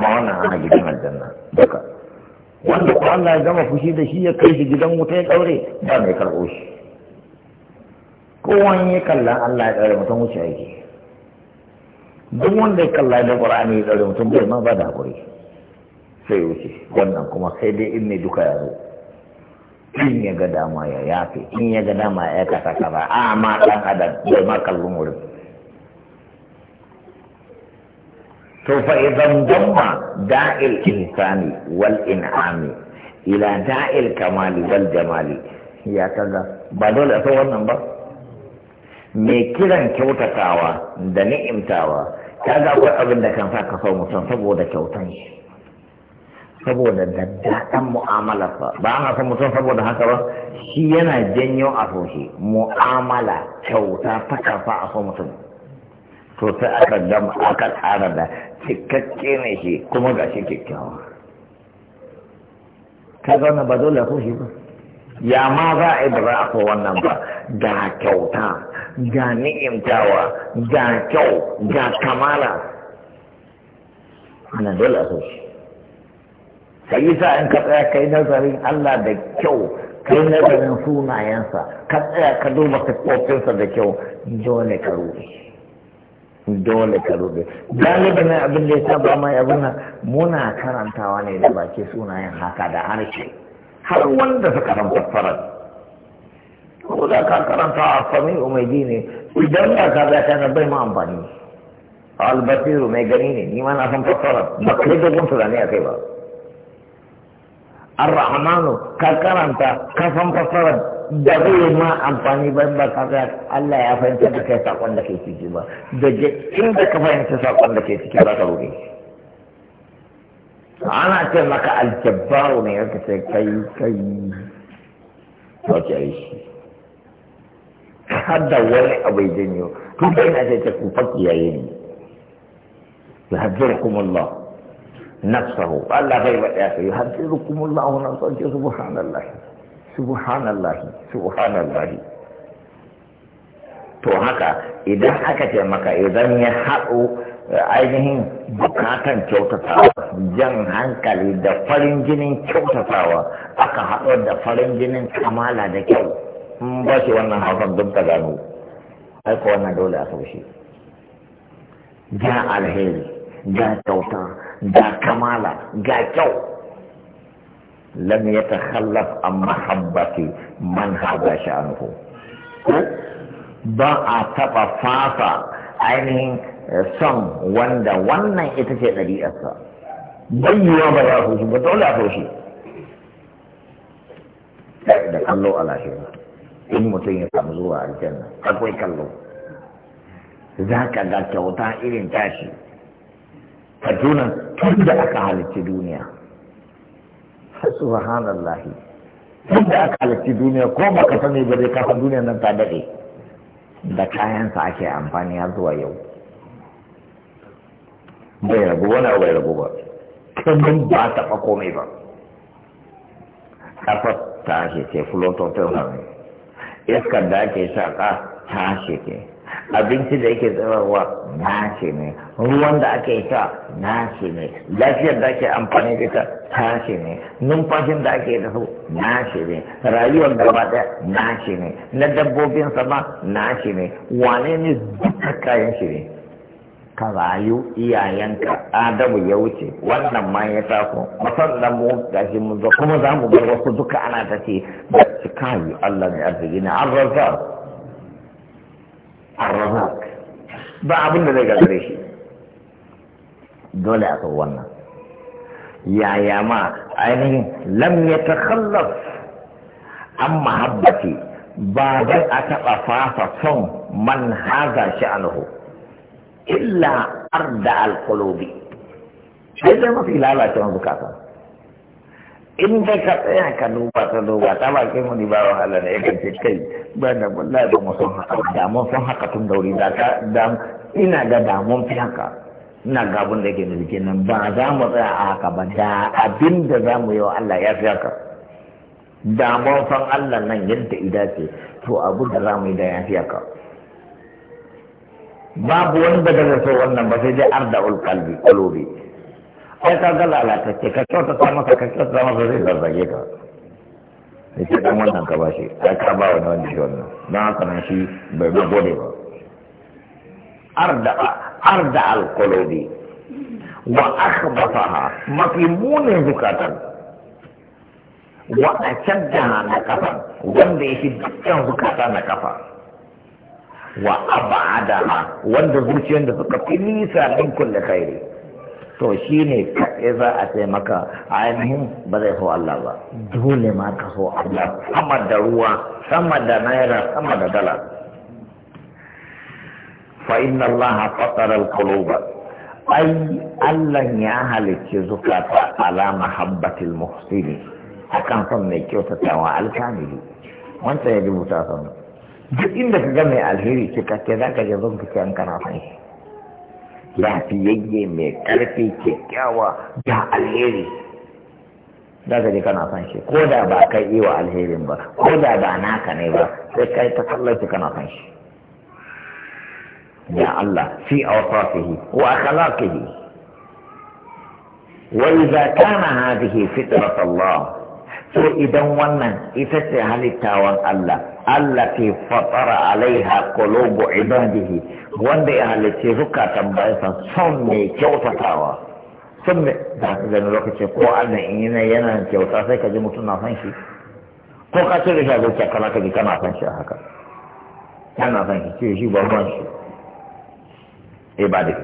ba wannan ana gidan aljanna duka wanda ko Allah ya gama fushi da shi ya kai shi gidan wuta ya ɗaure ba mai karɓo shi kowan kallon Allah ya ɗaure mutum wuce aiki duk wanda ya kalla da qur'ani da mutum bai ma ba da hakuri sai wuce wannan kuma sai dai in ne duka ya in ya ga dama ya yafe in ya ga dama ya kasa kaza a ma dan adam bai ma kallon wurin to fa idan damma da'il insani wal in'ami ila da'il kamali wal jamali ya kaga ba dole a san wannan ba me kiran kyautatawa da ni'imtawa Ka ga akwai abin da kan sa ka so mutum saboda kyautan shi saboda daddaɗan mu'amalarsa ba a son mutum saboda haka ba shi yana janyo a so shi mu'amala kyauta ta kan sa a so mutum to sai aka gama aka tsara da cikakke ne shi kuma ga shi kyakkyawa ka zauna ba dole a so shi ba ya ma za a yi ba za a so wannan ba da kyauta ga ni'imtawa ga kyau ga kamala ana dole a sauki ka yi sa in ka tsaya ka yi nazarin Allah da kyau ka yi nazarin sunayensa ka tsaya ka duba kakkofinsa da kyau dole ka rufe dole ka rufe galibin abin da ya saba mai abin muna karantawa ne da baki sunayen haka da harshe har wanda suka ran fassarar ko da ka karanta a sami umaidi ne idan da ka ga kana bai ma amfani albasiru mai gani ne ni ma na san fassara ba kai dogon tunani a kai ba arrahmanu ka karanta ka san fassara da zai ma amfani ba ba kaga Allah ya fahimta da kai sakon da ke ciki ba da inda ka fahimta sakon da ke ciki ba ka rufe ana ce maka aljabbaru ne yake ce kai kai to ke shi kada wani abu ya janyo to kai na sai ta ku fakiya yin yuhaddirukum Allah nafsahu Allah bai ba ya sai yuhaddirukum Allah nafsahu subhanallah subhanallah subhanallah to haka idan aka ce maka idan ya haɗu eh, ainihin bukatan kyautatawa jan hankali da farin jinin kyautatawa aka haɗo da farin jinin kamala da kyau in ba shi wannan hausan duk ta gano aiko wannan dole a saushe ga alheri ga kyauta ga kamala ga kyau lam yatakhallaf an mahabbati man hada sha'anuhu ba a taɓa fasa ainihin son wanda wannan ita ce ɗari'arsa bayyuwa ba za su ba dole a so da kallo a lafiya in mutum ya samu zuwa aljanna akwai kallo za ka ga kyauta irin tashi ka juna tun da aka halicci duniya subhanallahi tun da aka halicci duniya ko ba ka sani ba zai kafa duniya nan ta daɗe da kayansa ake amfani har zuwa yau bai rabu wani bai rabu ba kamar ba taɓa komai ba kafa ta ake ce fulototel na iskar da ake shaƙa tashi ke abinci da yake tsirarwa nashi ne ruwan da ake sha nashi ne lafiyar da ake amfani da ita tashi ne numfashin da ake da su nashi ne rayuwar gaba ɗaya nashi ne na dabbobin sama nashi ne wane ne duka kayan shi ne ka rayu iyayenka adamu ya wuce wannan ma ya taso musamman mu gashi mun zo kuma za mu bar wasu duka ana ta ce da kayu Allah ne arziki ne arrazak arrazak ba abin da zai gagare shi dole a sau wannan yaya ma ainihin lam ya takhallaf an mahabbati ba zai a taɓa fasa son man haza shi sha'anuhu illa arda alqulubi sai dai mafi lalacewa bukata in dai ka tsaya ka duba ta duba ta ba ke muni ba wahala da yakan ce kai ba da wallahi ba mu son haka da mun haka tun dauri da ka da ina ga da mun fi haka ina ga abin da yake nufi kenan ba za mu tsaya a haka ba da abin da za mu yi wa Allah ya fi haka da mun san Allah nan yadda ida ce to abu da za mu yi da ya fi haka babu wanda da zai wannan ba sai dai arda ulkalbi kulubi ai ka ga ce, ka kyauta ta masa ka kyauta ta masa zai zarzage ka ne ce dan wannan ka bashi ai ka ba wani wanda shi wannan don haka nan shi bai ma gode ba arda arda alkulubi wa ha, mafi munin zukatan wa a ashaddaha na kafa wanda ya yake dukkan zukata na kafa wa abadaha wanda zuciyar da suka fi nisa din kulle khairi to shi ne kaɗai za a ce maka ainihin ba zai so Allah ba dole ma ka so Allah sama da ruwa sama da naira sama da dala fa inna Allah fatara al-quluba ai Allah ya halicci zukata ala mahabbatil muhsini akan son mai kyautatawa alkamili wanda ya rubuta sanin duk inda ka ga mai alheri cikakke za ka je zon fice an kana san shi lafiyayye mai karfi kyakkyawa da alheri za ka je kana san shi ko da ba kai yi wa alherin ba ko da ba naka ne ba sai kai ta kallaci kana san shi ya Allah fi awsafihi wa akhlaqihi wa idza kana hadhihi fitrat Allah to idan wannan ita ce halittawan Allah allati fatara alaiha qulubu ibadihi wanda ya halice zukatan bayansa son mai kyautatawa son mai da haka gani lokacin ko Allah in yana yana kyauta sai ka ji mutum na son shi ko ka da shi a zuciya kana ka ji kana son shi a haka kana son shi ce shi babban shi ibadihi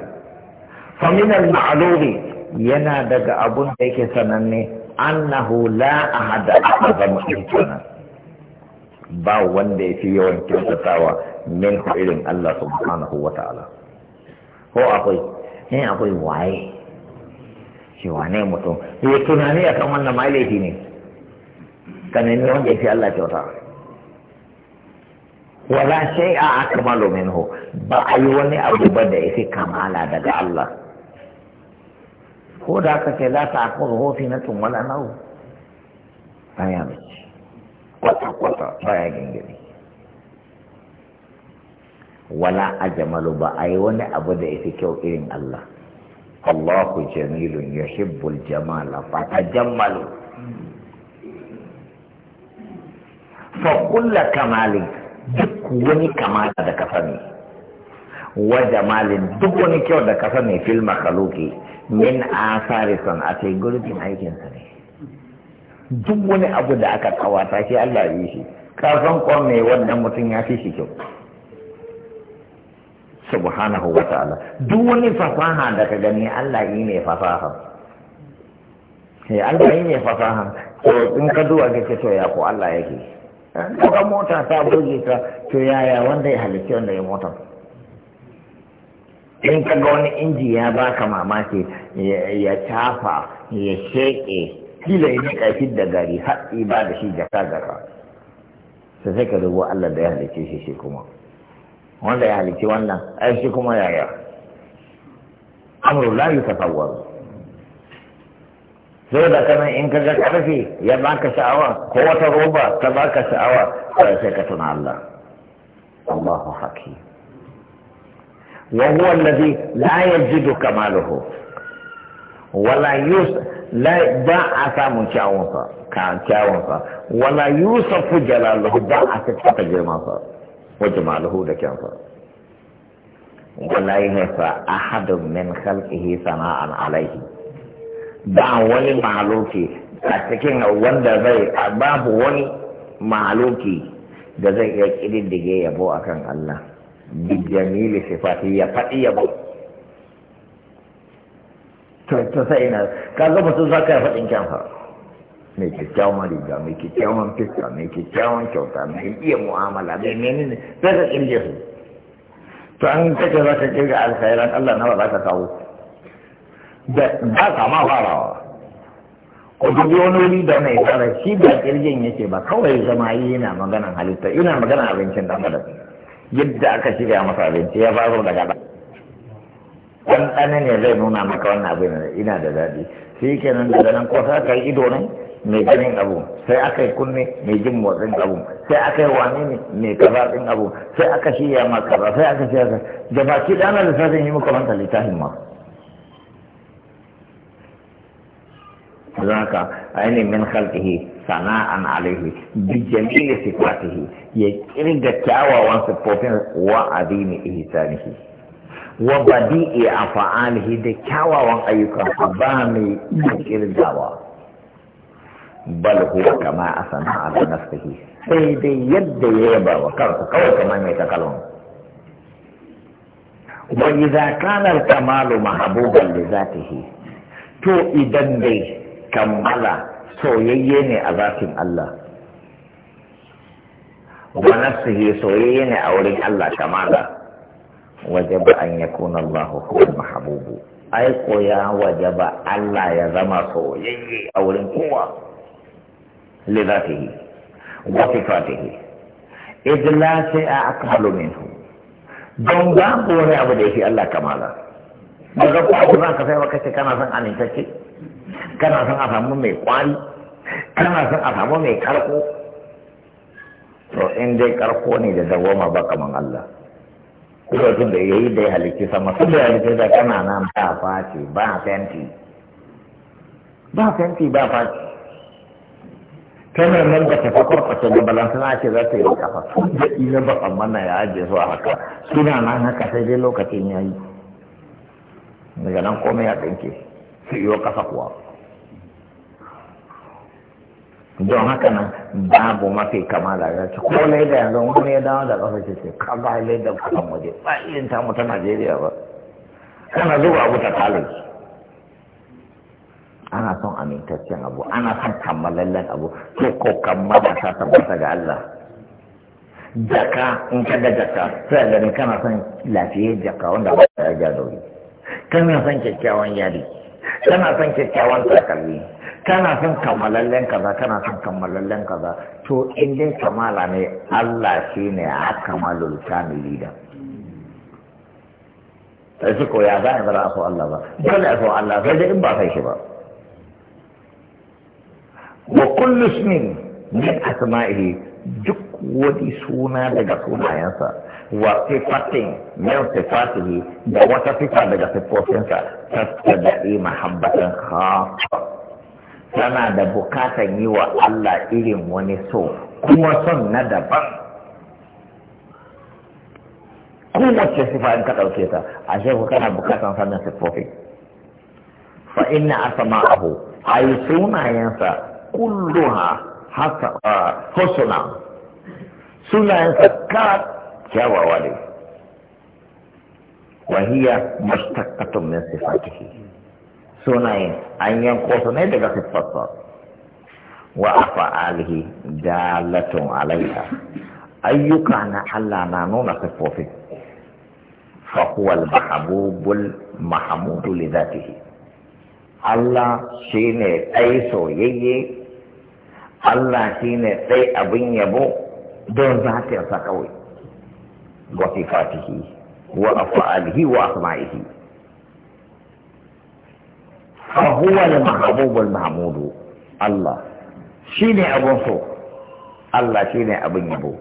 fa min al yana daga abun da yake sananne annahu la ahada aqdamu ihsana ba wanda ya fi yawan kyautatawa min irin Allah subhanahu wa ta'ala ko akwai ne eh, akwai waye shi wane mutum ya eh, tunani kan wannan ma ne ka nemi wanda ya fi Allah kyauta wala sai a min hu? ba a yi wani abu ba da ya fi kamala daga Allah ko da aka ce za ta akwai hofi na tun wala nau baya kwata-kwata baya gingiri wala ajamalu ba a yi wani abu da ya kyau irin Allah Allahu jamilun ya shibbul jamala fata jammalu fa kulla kamalin duk wani kamala da ka ne. wa jamalin duk wani kyau da ka sani fil makhluqi min asari san'ati gurbin aikinsa ne duk wani abu da aka kawata shi Allah ya yi shi ka san me wannan mutum ya fi shi kyau subhanahu wa ta'ala duk wani fasaha da ka gani Allah yi ne fasaha Ya eh, Allah yi ne fasaha to in ka duwa ga ce to ya ko Allah yake ko eh, ka mota ta buge ka to yaya wanda ya halicci wanda ya mota in ka ga wani inji ya baka mamaki ya tafa ya sheke kila ya nika shi da gari haɗi ba da shi da ka gara sai sai ka dubo Allah da ya halice shi shi kuma wanda ya halice wannan ai shi kuma yaya amru la yutasawwar sai da kana in ka ga karfi ya baka sha'awa ko wata roba ta baka sha'awa sai sai ka tuna Allah Allahu hakim wa huwa الذي la yajidu kamaluhu wala يوسع ba a samun kyawunsa ka kyawunsa wala yusufu jalaluhu ba a siffata girmansa wa jamaluhu da kyansa wala fa? Ahadu min khalqihi sana'an alaihi ba wani maluki a cikin wanda zai babu wani maluki da zai iya kididdige yabo akan Allah bi jamili sifati ya fadi yabo ta sai ina kaga mutum za ka yi faɗin kyanfa mai kyakkyawan riga mai kyakkyawan fiska mai kyakkyawan kyauta mai iya mu'amala mai ne, sai ka kirge su to an kace za ka kirga alkhairan Allah na ba za ka kawo da ba ka ma farawa ko duk wani wuri da wani fara shi ba kirgin yake ba kawai zama yana maganan halitta yana maganan abincin da adam yadda aka shirya masa abinci ya faro daga ɗanɗana ne zai nuna maka wannan abin ina da daɗi shi kenan daga nan ko sai aka yi ido ne mai ganin abu sai aka yi kunne mai jin motsin abu sai aka yi wani ne mai kaza ɗin abu sai aka shirya ma kaza sai aka shi ka da baki ɗana lissafin yi muka manta littafin ma. zaka aini min khalqihi sana'an alaihi bi jami'i sifatihi ya kirga kyawawan siffofin wa adini ihsanihi wa badi'i a fa'alihi da kyawawan ayyukansa ba mai iya kirgawa bal huwa kama asana ala nafsihi sai dai yadda ya yaba wa kansa kawai kama mai takalon wa idza kana al-kamalu mahbuban li zatihi to idan dai kammala soyayye ne a zatin Allah wa nafsihi soyayye ne a wurin Allah kamala wajaba an yakuna Allahu huwal mahbub ai ko ya wajaba Allah ya zama soyayye a wurin kowa li dhatihi wa sifatihi idla sai a akhalu min. don ba ko wani abu da yake Allah kamala ba ga ko ku zan ka sai waka ce kana san anin take kana san a samu mai kwani kana san a samu mai karko to in dai karko ne da dawoma ba kaman Allah kudurin da ya yi da ya halitti sama sun da ya halitti da kana nan ba faci ba fenti ba fenti ba faci kana nan ba ta fakwarfata da na ce za ta yi kafa da ina ba amana ya ajiye su haka suna nan haka sai dai lokacin ya yi daga nan komai ya ɗinke su yi kasa kuwa don haka nan babu mafi kamala ya ce ko laida yanzu wani ya dawo da kafa ce ce ka ba laida kan waje ba irin tamu ta najeriya ba kana zuba abu ta kalin ana son amintaccen abu ana son kammalallen abu ko ko kammala ta tabbata ga Allah jaka in ka ga jaka sai gani kana son lafiyar jaka wanda ba ta ja dauri kana son kyakkyawan yari kana son kyakkyawan takalmi kana son kammalallen kaza kana son kammalallen kaza to in dai kamala ne Allah shi ne a kamalul kamili da sai su koya za a bara a so Allah ba dole a so Allah sai dai in ba sai shi ba wa kullu ismin min asma'ihi duk wani suna daga sunayensa wa sifatin min sifatihi da wata sifa daga sifofinsa tasdaqi mahabbatan khassa tana da bukatan yi wa Allah irin wani so kuma son na daban kowace sifa in ka ɗauke ta a sheku kana bukatan sannan siffofi fa inna a yi sunayensa kulluha hasa ah, sunayensa ka kyawawa ne wa hiya min sifatihi sunayen an yanko su daga siffarsa wa da latin alaiha ayyuka na Allah na nuna siffofin fahuwal huwa al mahmudu li Allah shine soyayye Allah shine ɗai abin yabo don zatinsa kawai wa sifatihi wa alihi wa asma'ihi fa huwa al mahbub al mahmud Allah shine abun so Allah shine abun yabo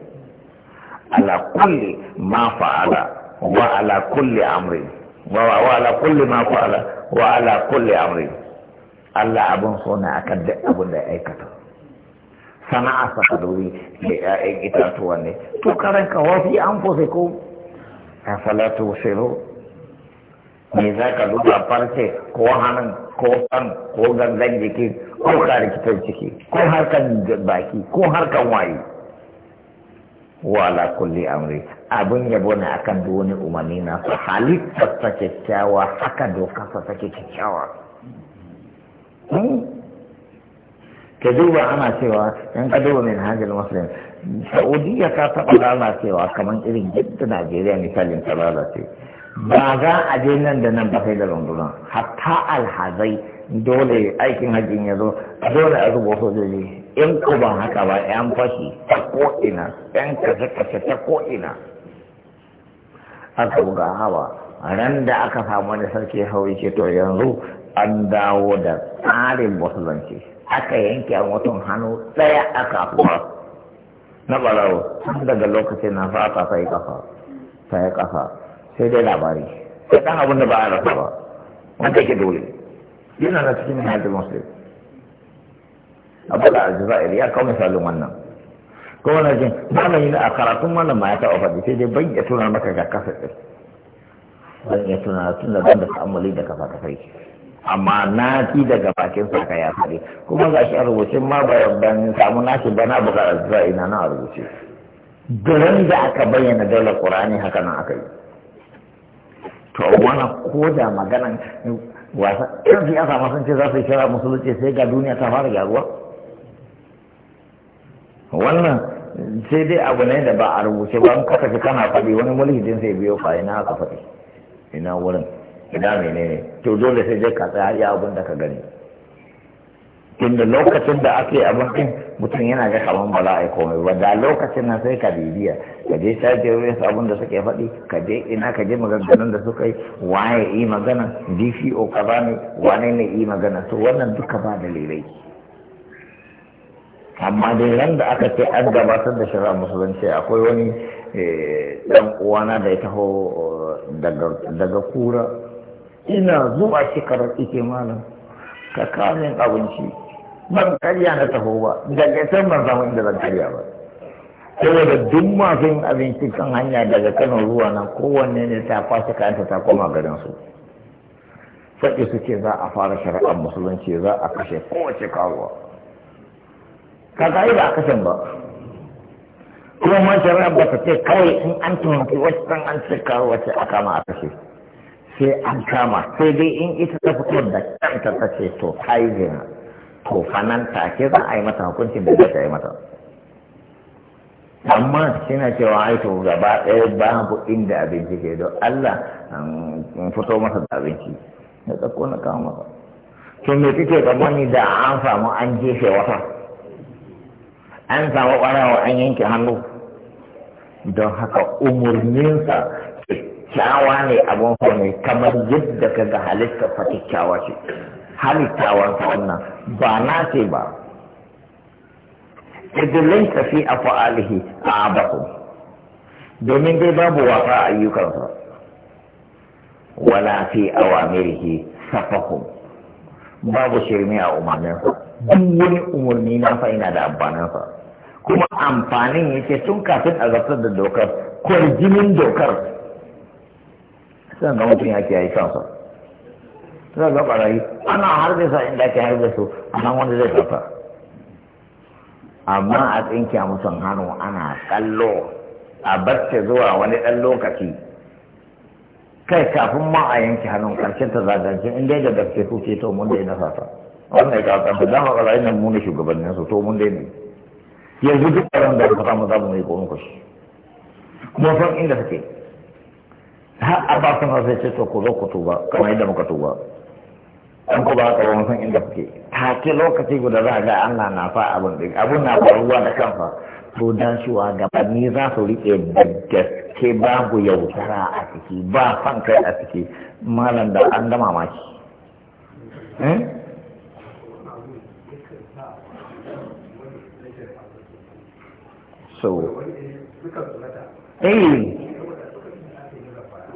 ala kulli ma fa'ala wa ala kulli amri wa ala kulli ma fa'ala wa ala kulli amri Allah abun so ne akan duk abun da ya aikata sana'a sakadori da 'ya'yan itatuwa ne to an fusa ko salatu me za ka duba farce ko hannun ko kan ko gangan jiki ko rikitar ciki ko harkan baki ko harkan waye wala kulli amri abin yabo ne akan duk umarni na su halittar ta kyakkyawa haka doka sa take kyakkyawa hmm? ka duba ana cewa in ka duba min hajjal muslim saudiya ka taɓa lalacewa kamar irin yadda najeriya misalin ta lalace ba za a je nan da nan ba sai da rundunar hatta alhazai dole aikin hajjin ya zo dole a zubo sojoji in ko ba haka ba yan fashi ta ko'ina yan kashe-kashe ta ko'ina aka ga hawa ran da aka samu da sarki hauri ce to yanzu an dawo da tsarin musulunci aka yanke a mutum hannu ɗaya a kasuwa. na ɓarau daga lokacin na fata sai sai kafa sai dai labari sai ɗan abin da ba a rasa ba wanda yake dole yana na cikin hajji muslim abu da aljazair ya kawo misalin wannan ko wani jin malami na a karatun wannan ma ya taɓa faɗi sai dai ban ya tuna maka ga kasa ɗin ban iya tuna tun da ban da ta'ammali da kafa kafai amma na ji daga bakin sa ka ya faɗi kuma ga shi a rubuce ma ban samu nashi ba na buƙatar aljazair na na rubuce duran da aka bayyana daular ƙur'ani haka nan aka yi to wani ko da maganan wasa yan siyasa sa sun ce za su yi musulunci sai ga duniya ta fara gyaruwa wannan sai dai abu ne da ba a rubuce ba in kasa shi kana faɗi wani mulhidin sai biyo fa ina haka faɗi ina wurin ina menene to dole sai je ka tsaya har ya abin da ka gani tunda lokacin da ake abin mutum yana ga kaman ba za a yi komai ba da lokacin nan sai ka bibiya ka je shaje wurin abin da suke faɗi ka je ina ka je maganganun da suka yi waye yi magana dco kaza ne wane ne yi magana to wannan duka ba dalilai amma dai ran da aka ce an gabatar da shari'a musulunci akwai wani dan eh, uwana da ya taho eh, daga kura ina zuwa shekarar ike malam ka kamin abinci ban karya na taho ba daga can ban samu inda zan karya ba saboda duk masu yin abinci kan hanya daga kano zuwa nan kowanne ne ta kwashe kayanta ta koma garin su faɗi suke za a fara shari'ar musulunci za a kashe kowace karuwa ka ga da a kashen ba kuma ma shari'ar ba ta ce kawai in an tumaki wacce an ce karuwa ce a kama a kashe sai an kama sai dai in ita ta fito da kanta ta ce to ta yi to ta take za a yi mata hukuncin da za a yi mata amma na cewa ai to gaba ɗaya babu inda abinci ke don Allah an fito masa da abinci da tsakko na kawo masa to me ka tsammani da an samu an jefe wata an samu ɓarawa an yanke hannu don haka umarninsa kyakkyawa ne abin ne kamar yadda ga halitta fa kyakkyawa ce halittawarsa wannan ba na ce ba idilin tafi a fa'alihi a abatu domin dai babu wafa a ayyukansa wala fi awamirihi safahum babu shirme a umarninsa duk wani umarni na fa ina da amfaninsa kuma amfanin yake tun kafin a zartar da dokar kwarjinin dokar sannan mutum ya yi kansa za ga barayi ana harbe sa inda ake harbe su nan wanda zai tafa amma a tsinke a musan hannu ana kallo a bacce zuwa wani ɗan lokaci kai kafin ma a yanke hannun karshen ta zagance in dai da gaske ku ce to mun dai ina sata. wannan ya kawo kanta dama barayi nan mu ne shugabannin su to mun dai ne yanzu duk ran da ka samu za mu yi komai ku Kuma mun san inda suke har a ba sun sai ce to ku zo ku tuba kamar yadda muka tuba an ku ba ka ba san inda kuke ke lokaci guda za ga Allah na fa abun din abun na faruwa da kanfa to dan shuwa ni za su rike da gaske babu yautara a ciki ba fan kai a ciki malam da an gama maki hmm? so eh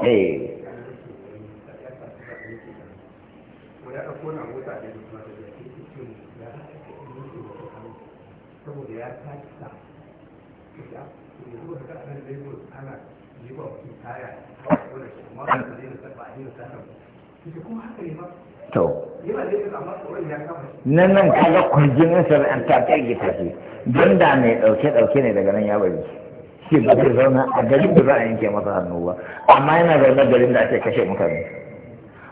eh saboda ya tashi sa to nan nan ta gita ce don da mai ɗauke-ɗauke ne daga nan ya bari ke ba zai zauna a garin da za a yanke masa hannu ba amma yana zaune garin da ake kashe mutane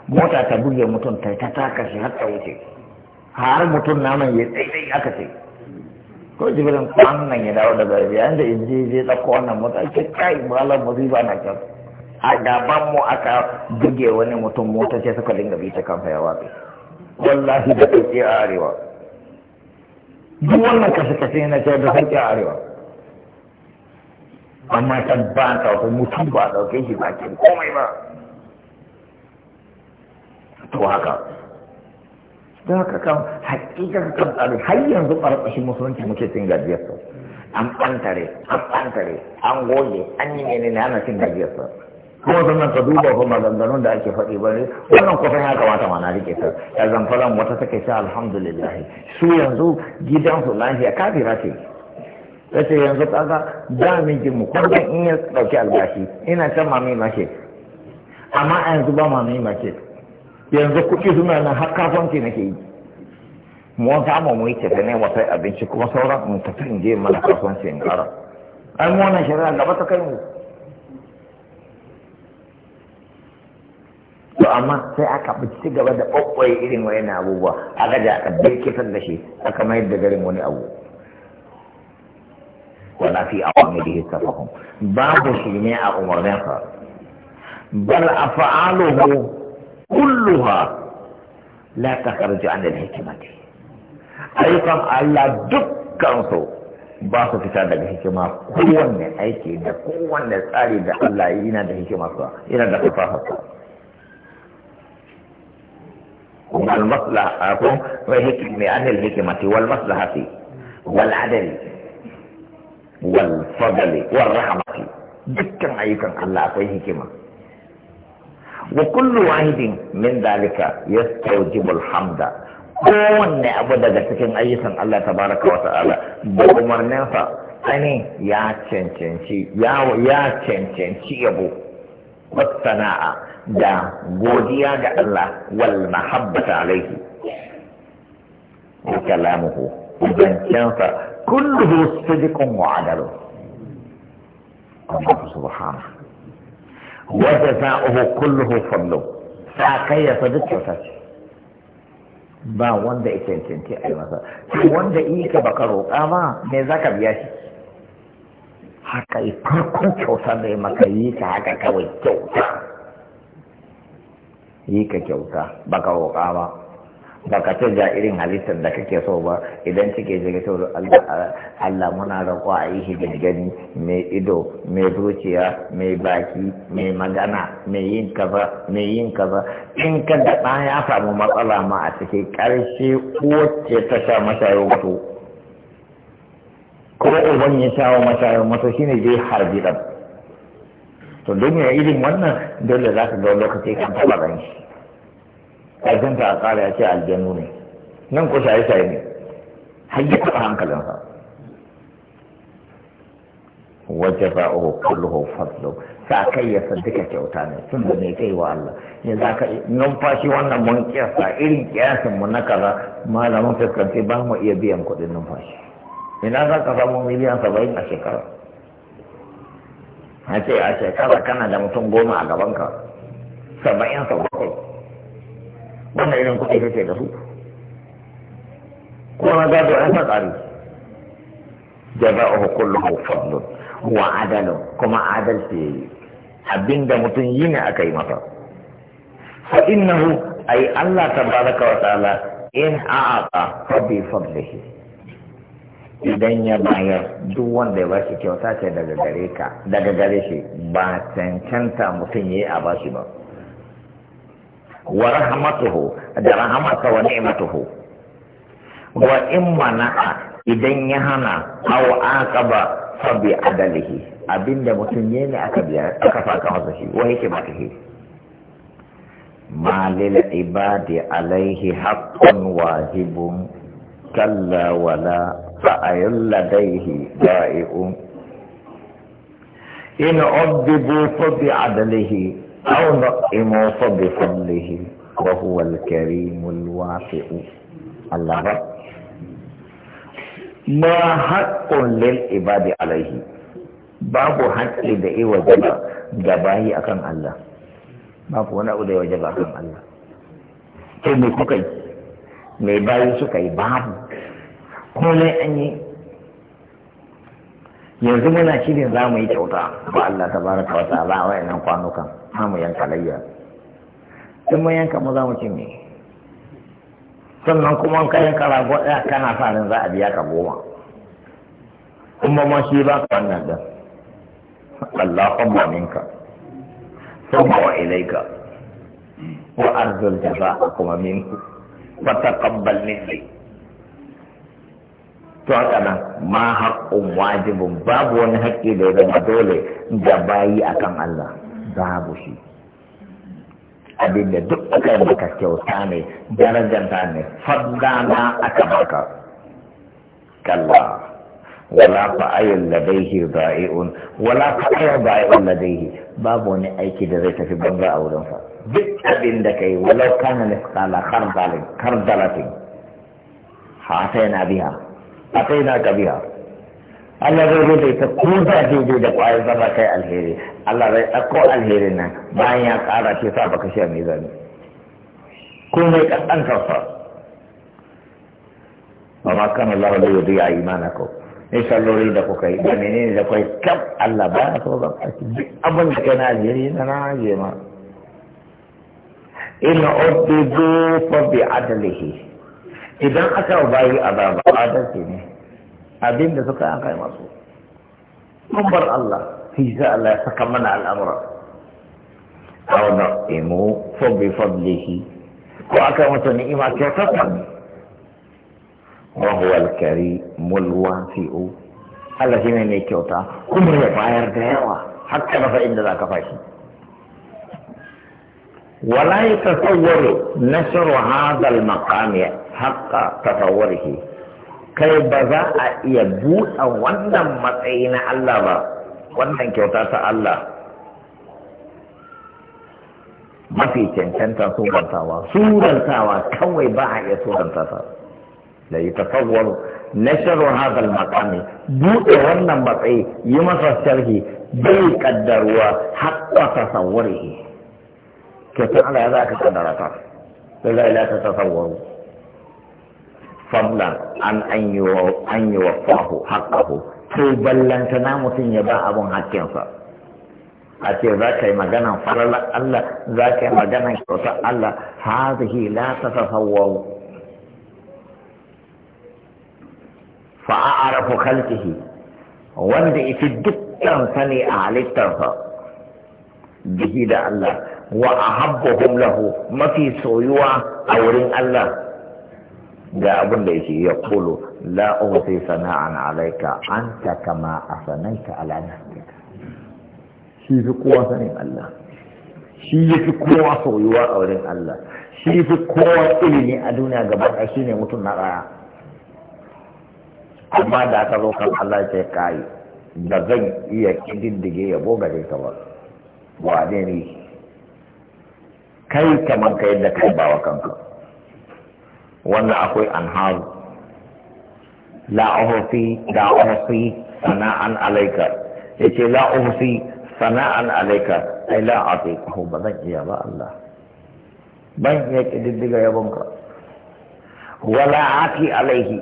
mota ta buge mutum ta ta taka shi har ta wuce har mutum naman ya tsaitsai aka ce ko jibirin kwanan ya dawo daga rabi an da inji zai tsakko wannan mota ke kai malam musiba na can a gaban mu aka buge wani mutum mota ce suka dinga bi ta kansa ya watsa wallahi da ɗauke a arewa duk wannan kashe-kashe na ce da sauƙi a arewa amma ta ba ta ko mutum ba dauke shi bakin komai ba to haka don haka kan hakika kan tsari har yanzu ɓarɓashin musulunci muke cin gajiyarsa an ɓantare an ɓantare an goge an yi menene ana cin gajiyarsa kuma sannan ka duba ko maganganun da ake faɗi ba ne wannan kusan ya kamata mana rike ta ya zamfaran wata take sha alhamdulillah su yanzu gidansu lafiya kafira ce ya ce yanzu kaga da mijin mu kuma in ya dauki albashi ina can mami mace amma a yanzu ba mami mace yanzu kuɗi suna nan har kafanci nake yi mu samu mu yi tafi ne wasai abinci kuma sauran mu tafi in je mana kafanci in ƙara ai mu wannan shari'a gaba ta kai mu to amma sai aka ci gaba da ɓaɓɓoye irin wani abubuwa aka ja aka birkitar da shi aka mayar da garin wani abu ولا في أوامره سفهم باب شيماء أمرناك بل أفعاله كلها لا تخرج عن الحكمة أيضا على دكانه ba su fita daga hikima kowanne aiki da kowanne tsari da Allah yana da hikimarsa yana da fasaharsa والمصلحة أكون وهيك من أن الحكمة والمصلحة والعدل wal fadli wal rahmati dukkan ayyukan Allah akwai hikima wa kullu wahidin min dalika yastawjibul hamda kowanne abu daga cikin ayyukan Allah tabaraka wa ta'ala da umarninsa sani ya cancanci ya ya cancanci yabo wasana'a da godiya ga Allah wal mahabbata alaihi kalamuhu zancensa كله صدق وعدل الله سبحانه وجزاؤه كله jazaohu ساقية صدق sa kai ya ba wanda ya cancanci a yi masa wanda yi ka baka roƙa ba me za ka biya shi haka yi farkon kyauta da ya maka yi ta haka kawai kyauta yi ka kyauta baka roƙa ba ba ka ce irin halittar da kake so ba idan cike ta to Allah muna roƙo a yi gani mai ido mai zuciya mai baki mai magana mai yin kaza mai yin kaza in ka da ɗan ya samu matsala ma a cike ƙarshe wacce ta sha mashayar mutu kuma uban ya sha mashayo mutu shine zai harbi ɗan to don ya irin wannan dole za ka ga lokaci kan taɓa ranshi ƙarshen ta a ƙara ya ce aljanu ne nan ko shaye shaye ne har ya taɓa hankalinsa wajen ba'o kulluhu fadlu sa kai ya san duka kyauta ne tun da mai kai wa Allah ne za ka numfashi wannan mun kiyasa irin kiyasin mu na kaza malamin fuskanci ba mu iya biyan kuɗin numfashi ina za ka samu miliyan saba'in a shekara a ce a shekara kana da mutum goma a gabanka saba'in saba'in bakwai wannan irin kuɗi kake da su kuma gado an sa tsari jaza'uhu kulluhu fadlun wa adalun kuma adalci yayi abinda mutum yi ne aka yi masa fa innahu ay Allah tabaraka wa ta'ala in a'ata fa bi fadlihi idan ya bayar duk wanda ya ba shi kyauta ce daga gare ka daga gare shi ba cancanta mutum yayi a ba shi ba wa rahmatuhu da rahmata wa ni'matuhu wa in mana'a idan ya hana aw aqaba fa bi adalihi abinda mutum yayi ne aka biya aka faka masa shi wa yake maka shi ma lil ibadi alaihi haqqun wajibun kalla wala fa'ayul ladaihi da'i'un in ubdibu bi adalihi أو نقيم فبفضله وهو الكريم الواسع da iya wajaba da bayi akan Allah babu wani abu da ya wajaba akan yi me bayi yi babu komai an yi yanzu muna shirin za mu yi kyauta ba Allah ta baraka wata ta'ala a wayannan kwanukan za mu yanka layya in mun yanka mu za mu me sannan kuma ka yanka rago ɗaya kana sa za a biya ka goma kuma ma shi ba ka wannan da Allahumma minka thumma wa ilayka wa arzul jaza kuma minku fa taqabbal minni to haka ma haƙƙun wajibin babu wani haƙƙi da ya zama dole da bayi akan Allah babu shi abin da duk aka yi maka kyauta ne darajanta ne fadana aka baka kalla wala fa ayyul ladayhi da'i'un wala fa ayyul da'i'un ladayhi babu wani aiki da zai tafi banza a wurin sa duk abin da kai walau kana misqala khardalin khardalatin ha sai na biya a na kabiya Allah zai zo da ko da daidai da zama kai alheri Allah zai ɗauko alherin nan bayan ya ƙara ce sa baka sha mai zane ko mai ƙasƙantar sa ba ma kan Allah da yau ya imana ko ne sallori da kuka yi da menene da kai kam Allah ba ya so zan aiki duk abin da kai na alheri na na je ma ina uddu fa bi adalihi. idan aka wa bayi azaba adalci ne abin da suka an kai masu mun bar Allah fi sa Allah ya saka mana al'amura aw na'imu fa bi fadlihi ko aka masa ni'ima ta saka wa huwa al-karimul wasi'u Allah shine mai kyauta kuma ya bayar da yawa har ka rasa inda za ka fashi ولا يتصور نشر هذا المقام haƙa tasawwarki kai ba za a iya buɗa wannan matsayi na Allah ba wannan kyauta ta Allah mafi cancanta surantawa surantawa kawai ba a iya suranta ta da yi tasawwar nasharu hadal makami buɗe wannan matsayi yi masa sharhi bai kaddaruwa haƙƙa tasawwari kyautar Allah ya za ka kaddara ta da za ta tasawwaru fadlan an an yi wa fahu haqqahu to ballantana mutum ya ba abun hakkinsa a ce za ka yi maganan falalar Allah za ka yi maganan kyautar Allah hazihi la tasafawwa fa a'rafu khalqihi wanda yake dukkan sani a halittarsa bihi da Allah wa ahabbuhum lahu mafi soyuwa a wurin Allah ga abin da yake ya kulu la sana'a sana'an alaika anta kama asanaita ala nafsika shi fi kowa sanin Allah shi fi kowa soyuwa a wurin Allah shi fi kowa ilimi a duniya gaba ɗaya shi ne mutum na ɗaya amma da aka zo kan Allah ce kai da zan iya kididdige ya boga dai ta ba wane ne kai kamar ka yadda kai bawa kanka wannan akwai anharu la uhsi sana'an alayka yace la uhsi sana'an alayka ai la atiqahu ba zan iya ba Allah ban iya kididdiga yabonka wala aki alaihi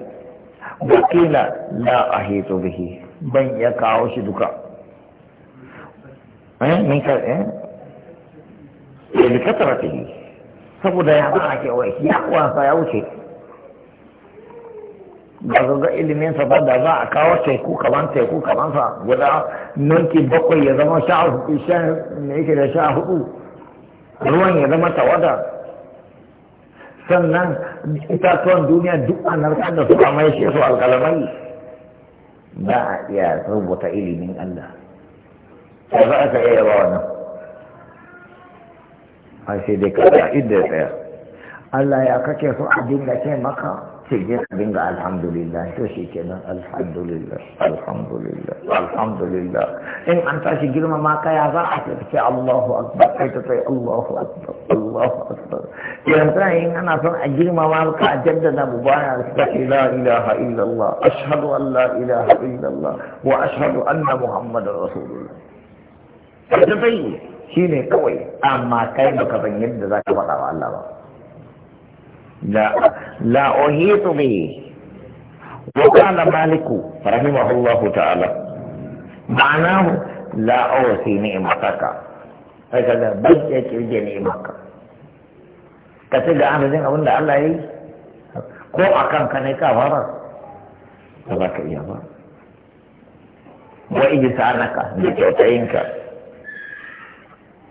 wakila la ahitu bihi ban iya kawo shi duka eh min ka eh bi yi. saboda ya ba a wai ya wasa ya wuce ba ga ga ilimin sa da za a kawo teku kaman teku kaman sa guda minti bakwai ya zama sha hudu sha ne yake da sha hudu ruwan ya zama tawada sannan itatuwan duniya duk a narkar da su a mai shi su alkalamai ba a iya rubuta ilimin Allah. Ba za a iya yaba wannan. har sai dai kada inda ya tsaya Allah ya kake so a dinga ce maka ce je ka dinga alhamdulillah to shi kenan alhamdulillah alhamdulillah alhamdulillah in an tashi girma ma ka ya za a ce Allahu akbar kai ta sai Allahu akbar Allahu akbar yanzu in ana son a girma ma ka a jaddada mubarak da la ilaha illallah ashhadu an la ilaha illallah wa ashhadu anna muhammadar rasulullah ta bayyana shi ne kawai amma kai baka san yadda za ka faɗa wa Allah ba la uhitu bi wa kana maliku rahimahullahu ta'ala ma'anahu la awsi ni'mataka sai ka da ban ya kirge ni'maka ka ce ga arzikin abin da Allah ya yi ko a kan ka ne ka ba za ka iya ba wa iji da kyautayinka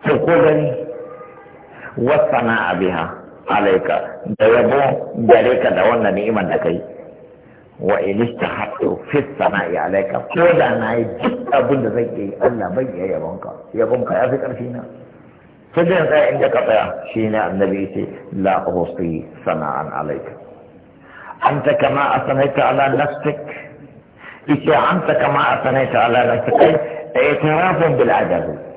تقبل وصنع بها عليك دوابو جاريك دوانا نعمة لكي وإن استحقت في الصناع عليك كل أنا جئت أبن ذكي ألا بي يا بنك يا بنك يا ذكر فينا فدين ذا عندك طيا شينا النبي سي لا أوصي صنعا عليك أنت كما أصنعت على نفسك إذا أنت كما أصنعت على نفسك اعتراف بالعجز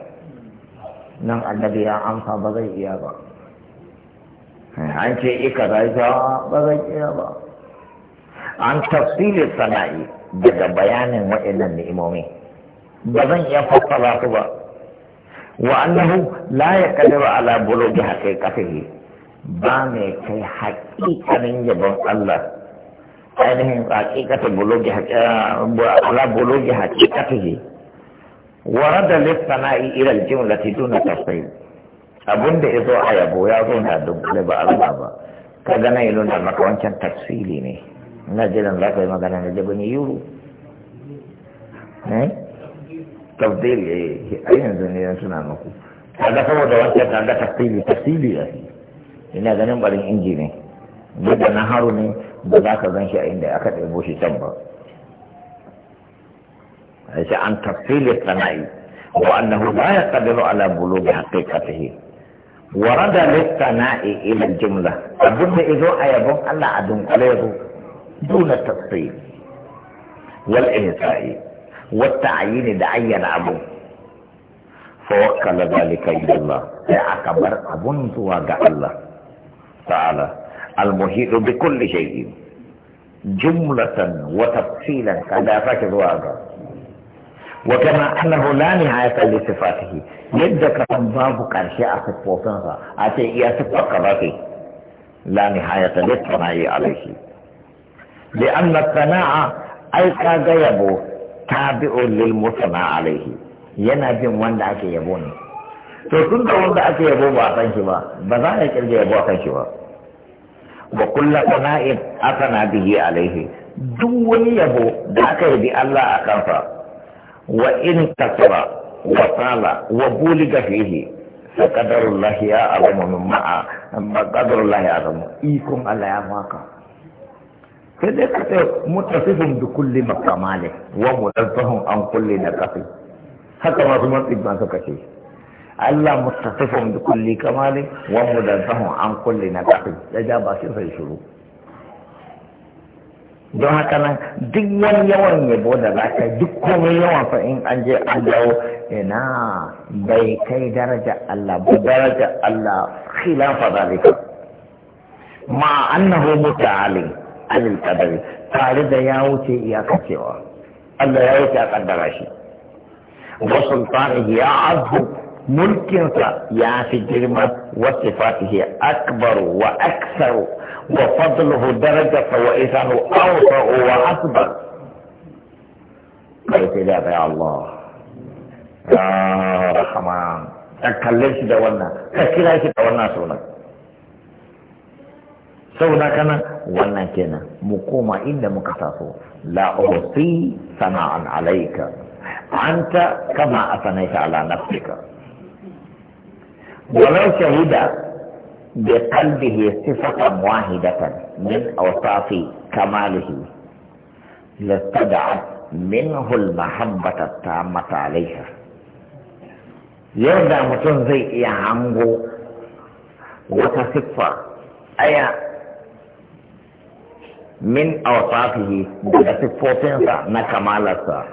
nan annabi ya amsa ba zai iya ba an ce ika rayuwa ba zai iya ba an tafsilin sana'i daga bayanin waɗannan ni'imomi ba zan iya fassara su ba wa annahu la ya kadara ala bulugi haqiqatihi ba mai kai haƙiƙanin yabon Allah ainihin haqiqata bulugi ala bulugi haqiqatihi ورد للثناء إلى الجملة دون تفصيل abun da ya zo a yabo ya zo na dunkule ba Allah ba ka ga nan yana maka wancan tafsili ne na jiran za ka yi magana na jabi ne yuru eh? tafsili yi eh, yanzu ne suna maku ka saboda wancan ka ga tafsili tafsili ya ina ganin barin inji ne duk da na haru ne ba za ka gan shi a inda aka ɗebo shi can ba ليس عن تفصيل الثنائي وأنه لا يقدر على بلوغ حقيقته ورد للثنائي إلى الجملة أبن إذو أيضا ألا عدم عليه دون التفصيل والانساء والتعيين دعين أبو فوكل ذلك إلى الله أكبر أبن زواج الله تعالى المحيط بكل شيء جملة وتفصيلا كذا فكذا وكما أنه لا نهاية لصفاته يدك باب كرشي أصفوفنها أتي إيا صفاته لا نهاية للثناء عليه لأن الثناء أي كاد يبو تابع للمثنى عليه yana jin wanda ake yabo ne to tun da wanda ake yabo ba a kan shi ba ba za a kirge yabo a kan shi ba wa kulla sana'in asana bihi alaihi duk wani yabo da aka yi bi Allah a kansa وإن كثر وطال وبولغ فيه فقدر الله أعظم مما قدر الله أعظم إيكم الله أماكم sai dai ka ce mutasifin da kulli makamale wa mutasifin an kulli na kafi haka masu matsibban suka ce Allah mutasifin da kulli kamale wa mutasifin an na ya ja ba shi shiru don haka nan duk wani yawan yabo da za ka duk komai yawan fa in an je an dawo ina bai kai daraja Allah ba daraja Allah khilafa zalika ma annahu muta'ali alil qadari tare da ya wuce iyaka cewa Allah ya wuce a kaddara shi wa sultanihi ya azu ملكنسا يعني جرمة وصفاته أكبر وأكثر وفضله درجة وإثانه أوضع وأكبر قلت يا يا الله يا رحمن أكلم شي دولنا أكلم شي دولنا سونا سونا كنا ولنا كنا مقوما الا مكتفو لا أوصي ثناء عليك أنت كما أثنيت على نفسك ولو شهد بقلبه صفة واحدة من أوصاف كماله لاستدعت منه المحبة التامة عليها يرضى متنزي يا عمو وتصفة أي من أوصافه بصفوتنسا نكمالسا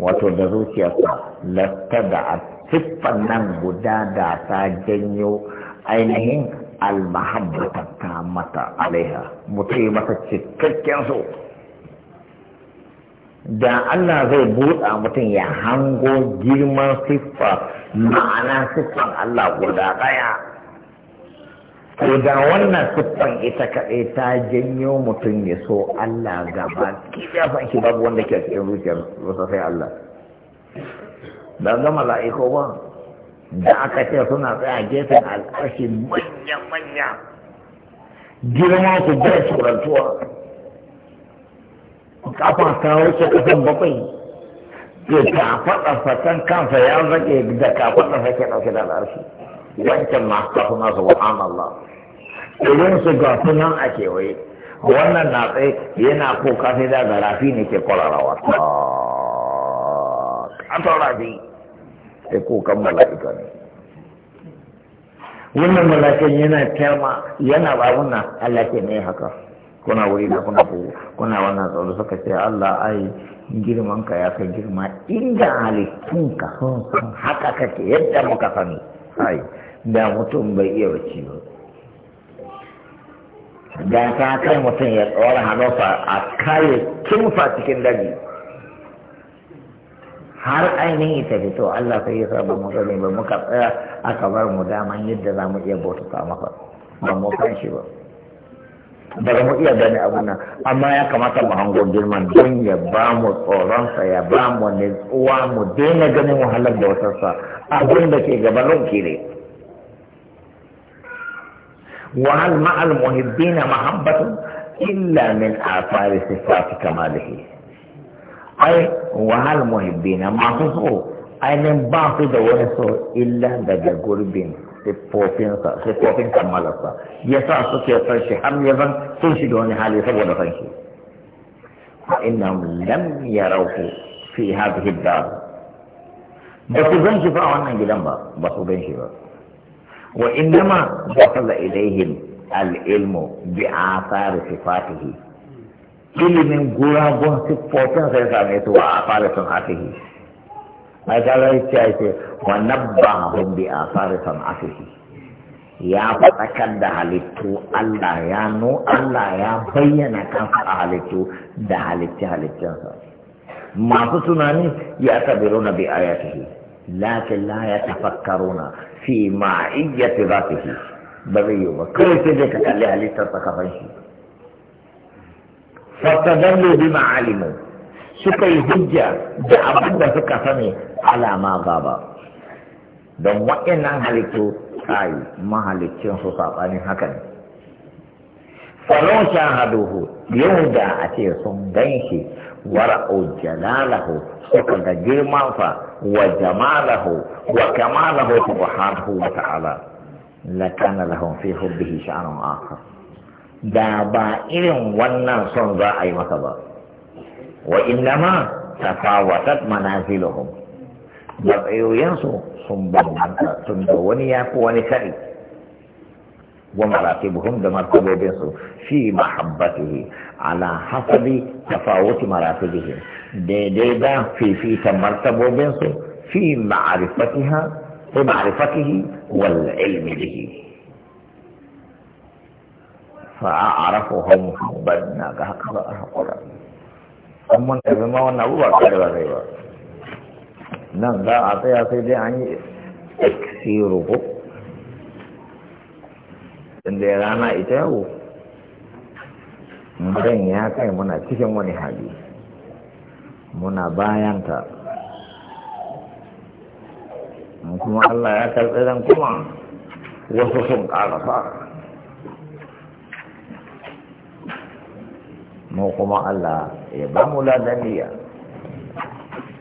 وتدروسيسا لاستدعت siffan nan guda da ta janyo ainihin almahabbata ta mata alaiha mutum mata cikakken so da Allah zai buɗa mutum ya hango girman siffa ma'ana siffan Allah guda ɗaya ko da wannan siffan ita kaɗai ta janyo mutum ya so Allah gaba ki ya san shi babu wanda ke cikin zuciyar sai Allah ba ga mala'iku ba da aka ce suna tsaye a gefen al'arshi manya-manya girma su bai tsorantuwa kafa ta wuce kasan bakwai ke kafaɗa fatan kansa ya zake da kafaɗa sa ke ɗauke da al'arshi wancan ma kafin nasu wa'amallah irin su ga sunan a kewaye wannan na tsaye yana kuka sai da rafi ne ke kwararawa ta ah, rafi sai kukan mala'ika ne wannan mala'ikan yana kyama yana ba wannan Allah ke ne haka kuna wuri na kuna ku kuna wannan tsoro suka ce Allah ai girman ka ya kai girma inda halittun ka haka kake yadda muka sani ai da mutum bai iya wuce ba da ta kai mutum ya tsawar hannunsa a kayakin fa cikin daji har ainihin ita fito Allah sai ya saba mu sani ba muka tsaya aka bar mu daman yadda za mu iya bautuka maka ba mu kan shi ba daga mu iya gani abun nan amma ya kamata mu hango girman don ya ba mu tsoronsa ya ba mu mu daina ganin wahalar da sa abin da ke gabanin ke ne وهل مع المحبين محبة illa min afari sifati kamalihi ai wahal muhibbina masu so ainihin ba su da wani so illa daga gurbin siffofinsa siffofin kammalarsa ya sa suke son shi har ya zan sun shi da wani hali saboda son shi fa innahum lam yarawhu fi hadhihi ad-dar ba su gan shi ba wannan gidan ba ba su gan shi ba wa innama dakhala ilayhim al-ilmu bi athari sifatihi ilimin guragun siffofin sai same su a farisun asihi mai kaga ya ce wa ba hun bi a farisun asihi ya fatakar da halittu Allah ya nu Allah ya bayyana kansa a halittu da halitti halittinsa masu tunani ya tabiruna bi ayatihi lakin la ya tafakkaruna fi ma'iyyati zatihi ba zai yi ba kawai sai dai ka kalli halittarsa kafan shi فاستدلوا bi علموا suka yi hujja da abin da suka sani alama gaba don waɗannan halittu kai mahalicin su saɓanin haka ne falon shahaduhu yau da a ce sun gan shi wara'u jalalahu suka ga fa. wa jamalahu wa kamalahu subhanahu wa ta'ala lakana lahum fi hubbihi sha'anun akhar da ba irin wannan son za a yi masa ba wa innama tafawatat manaziluhum matsayoyinsu sun bambanta tun da wani ya fi wani kari wa maratibuhum da martabobinsu fi mahabbatihi ala hasabi tafawuti maratibihim daidai da fifita martabobinsu fi ma'arifatiha ma'arifatihi wal ilmi bihi fa'arafuhum hubban na ga haka ba a haƙura an mun tafi ma wannan abu ba kare ba zai ba nan za a tsaya sai dai an yi iksiru ko inda ya rana ita yau mutum ya kai muna cikin wani hali muna bayanta kuma Allah ya karɓi ran kuma wasu sun ƙarasa mu kuma Allah ya ba mu ladaniya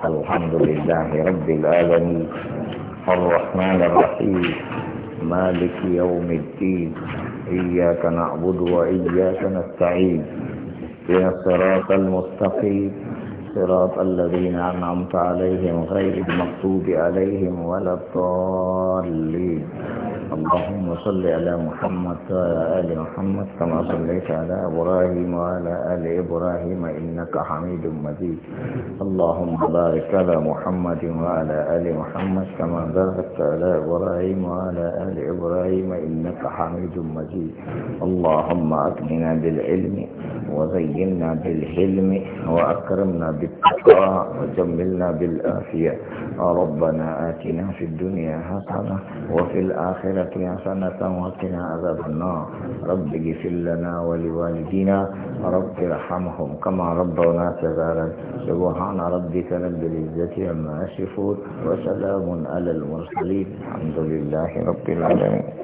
alhamdulillah rabbil alamin الرحمن الرحيم مالك يوم الدين إياك نعبد وإياك نستعين إلى الصراط المستقيم صراط الذين أنعمت عليهم غير المغضوب عليهم ولا الضالين اللهم صل على محمد وعلى آل محمد كما صليت على إبراهيم وعلى آل إبراهيم إنك حميد مجيد اللهم بارك على محمد وعلى آل محمد كما باركت على إبراهيم وعلى آل إبراهيم إنك حميد مجيد اللهم أكرمنا بالعلم وزينا بالحلم وأكرمنا بالتقى وجملنا بالآفية ربنا آتنا في الدنيا حسنة وفي الآخرة ذكر حسنة وقنا عذاب النار رب اغفر لنا ولوالدينا رب ارحمهم كما ربونا صغارا سبحان ربك رب العزة عما يصفون وسلام على المرسلين الحمد لله رب العالمين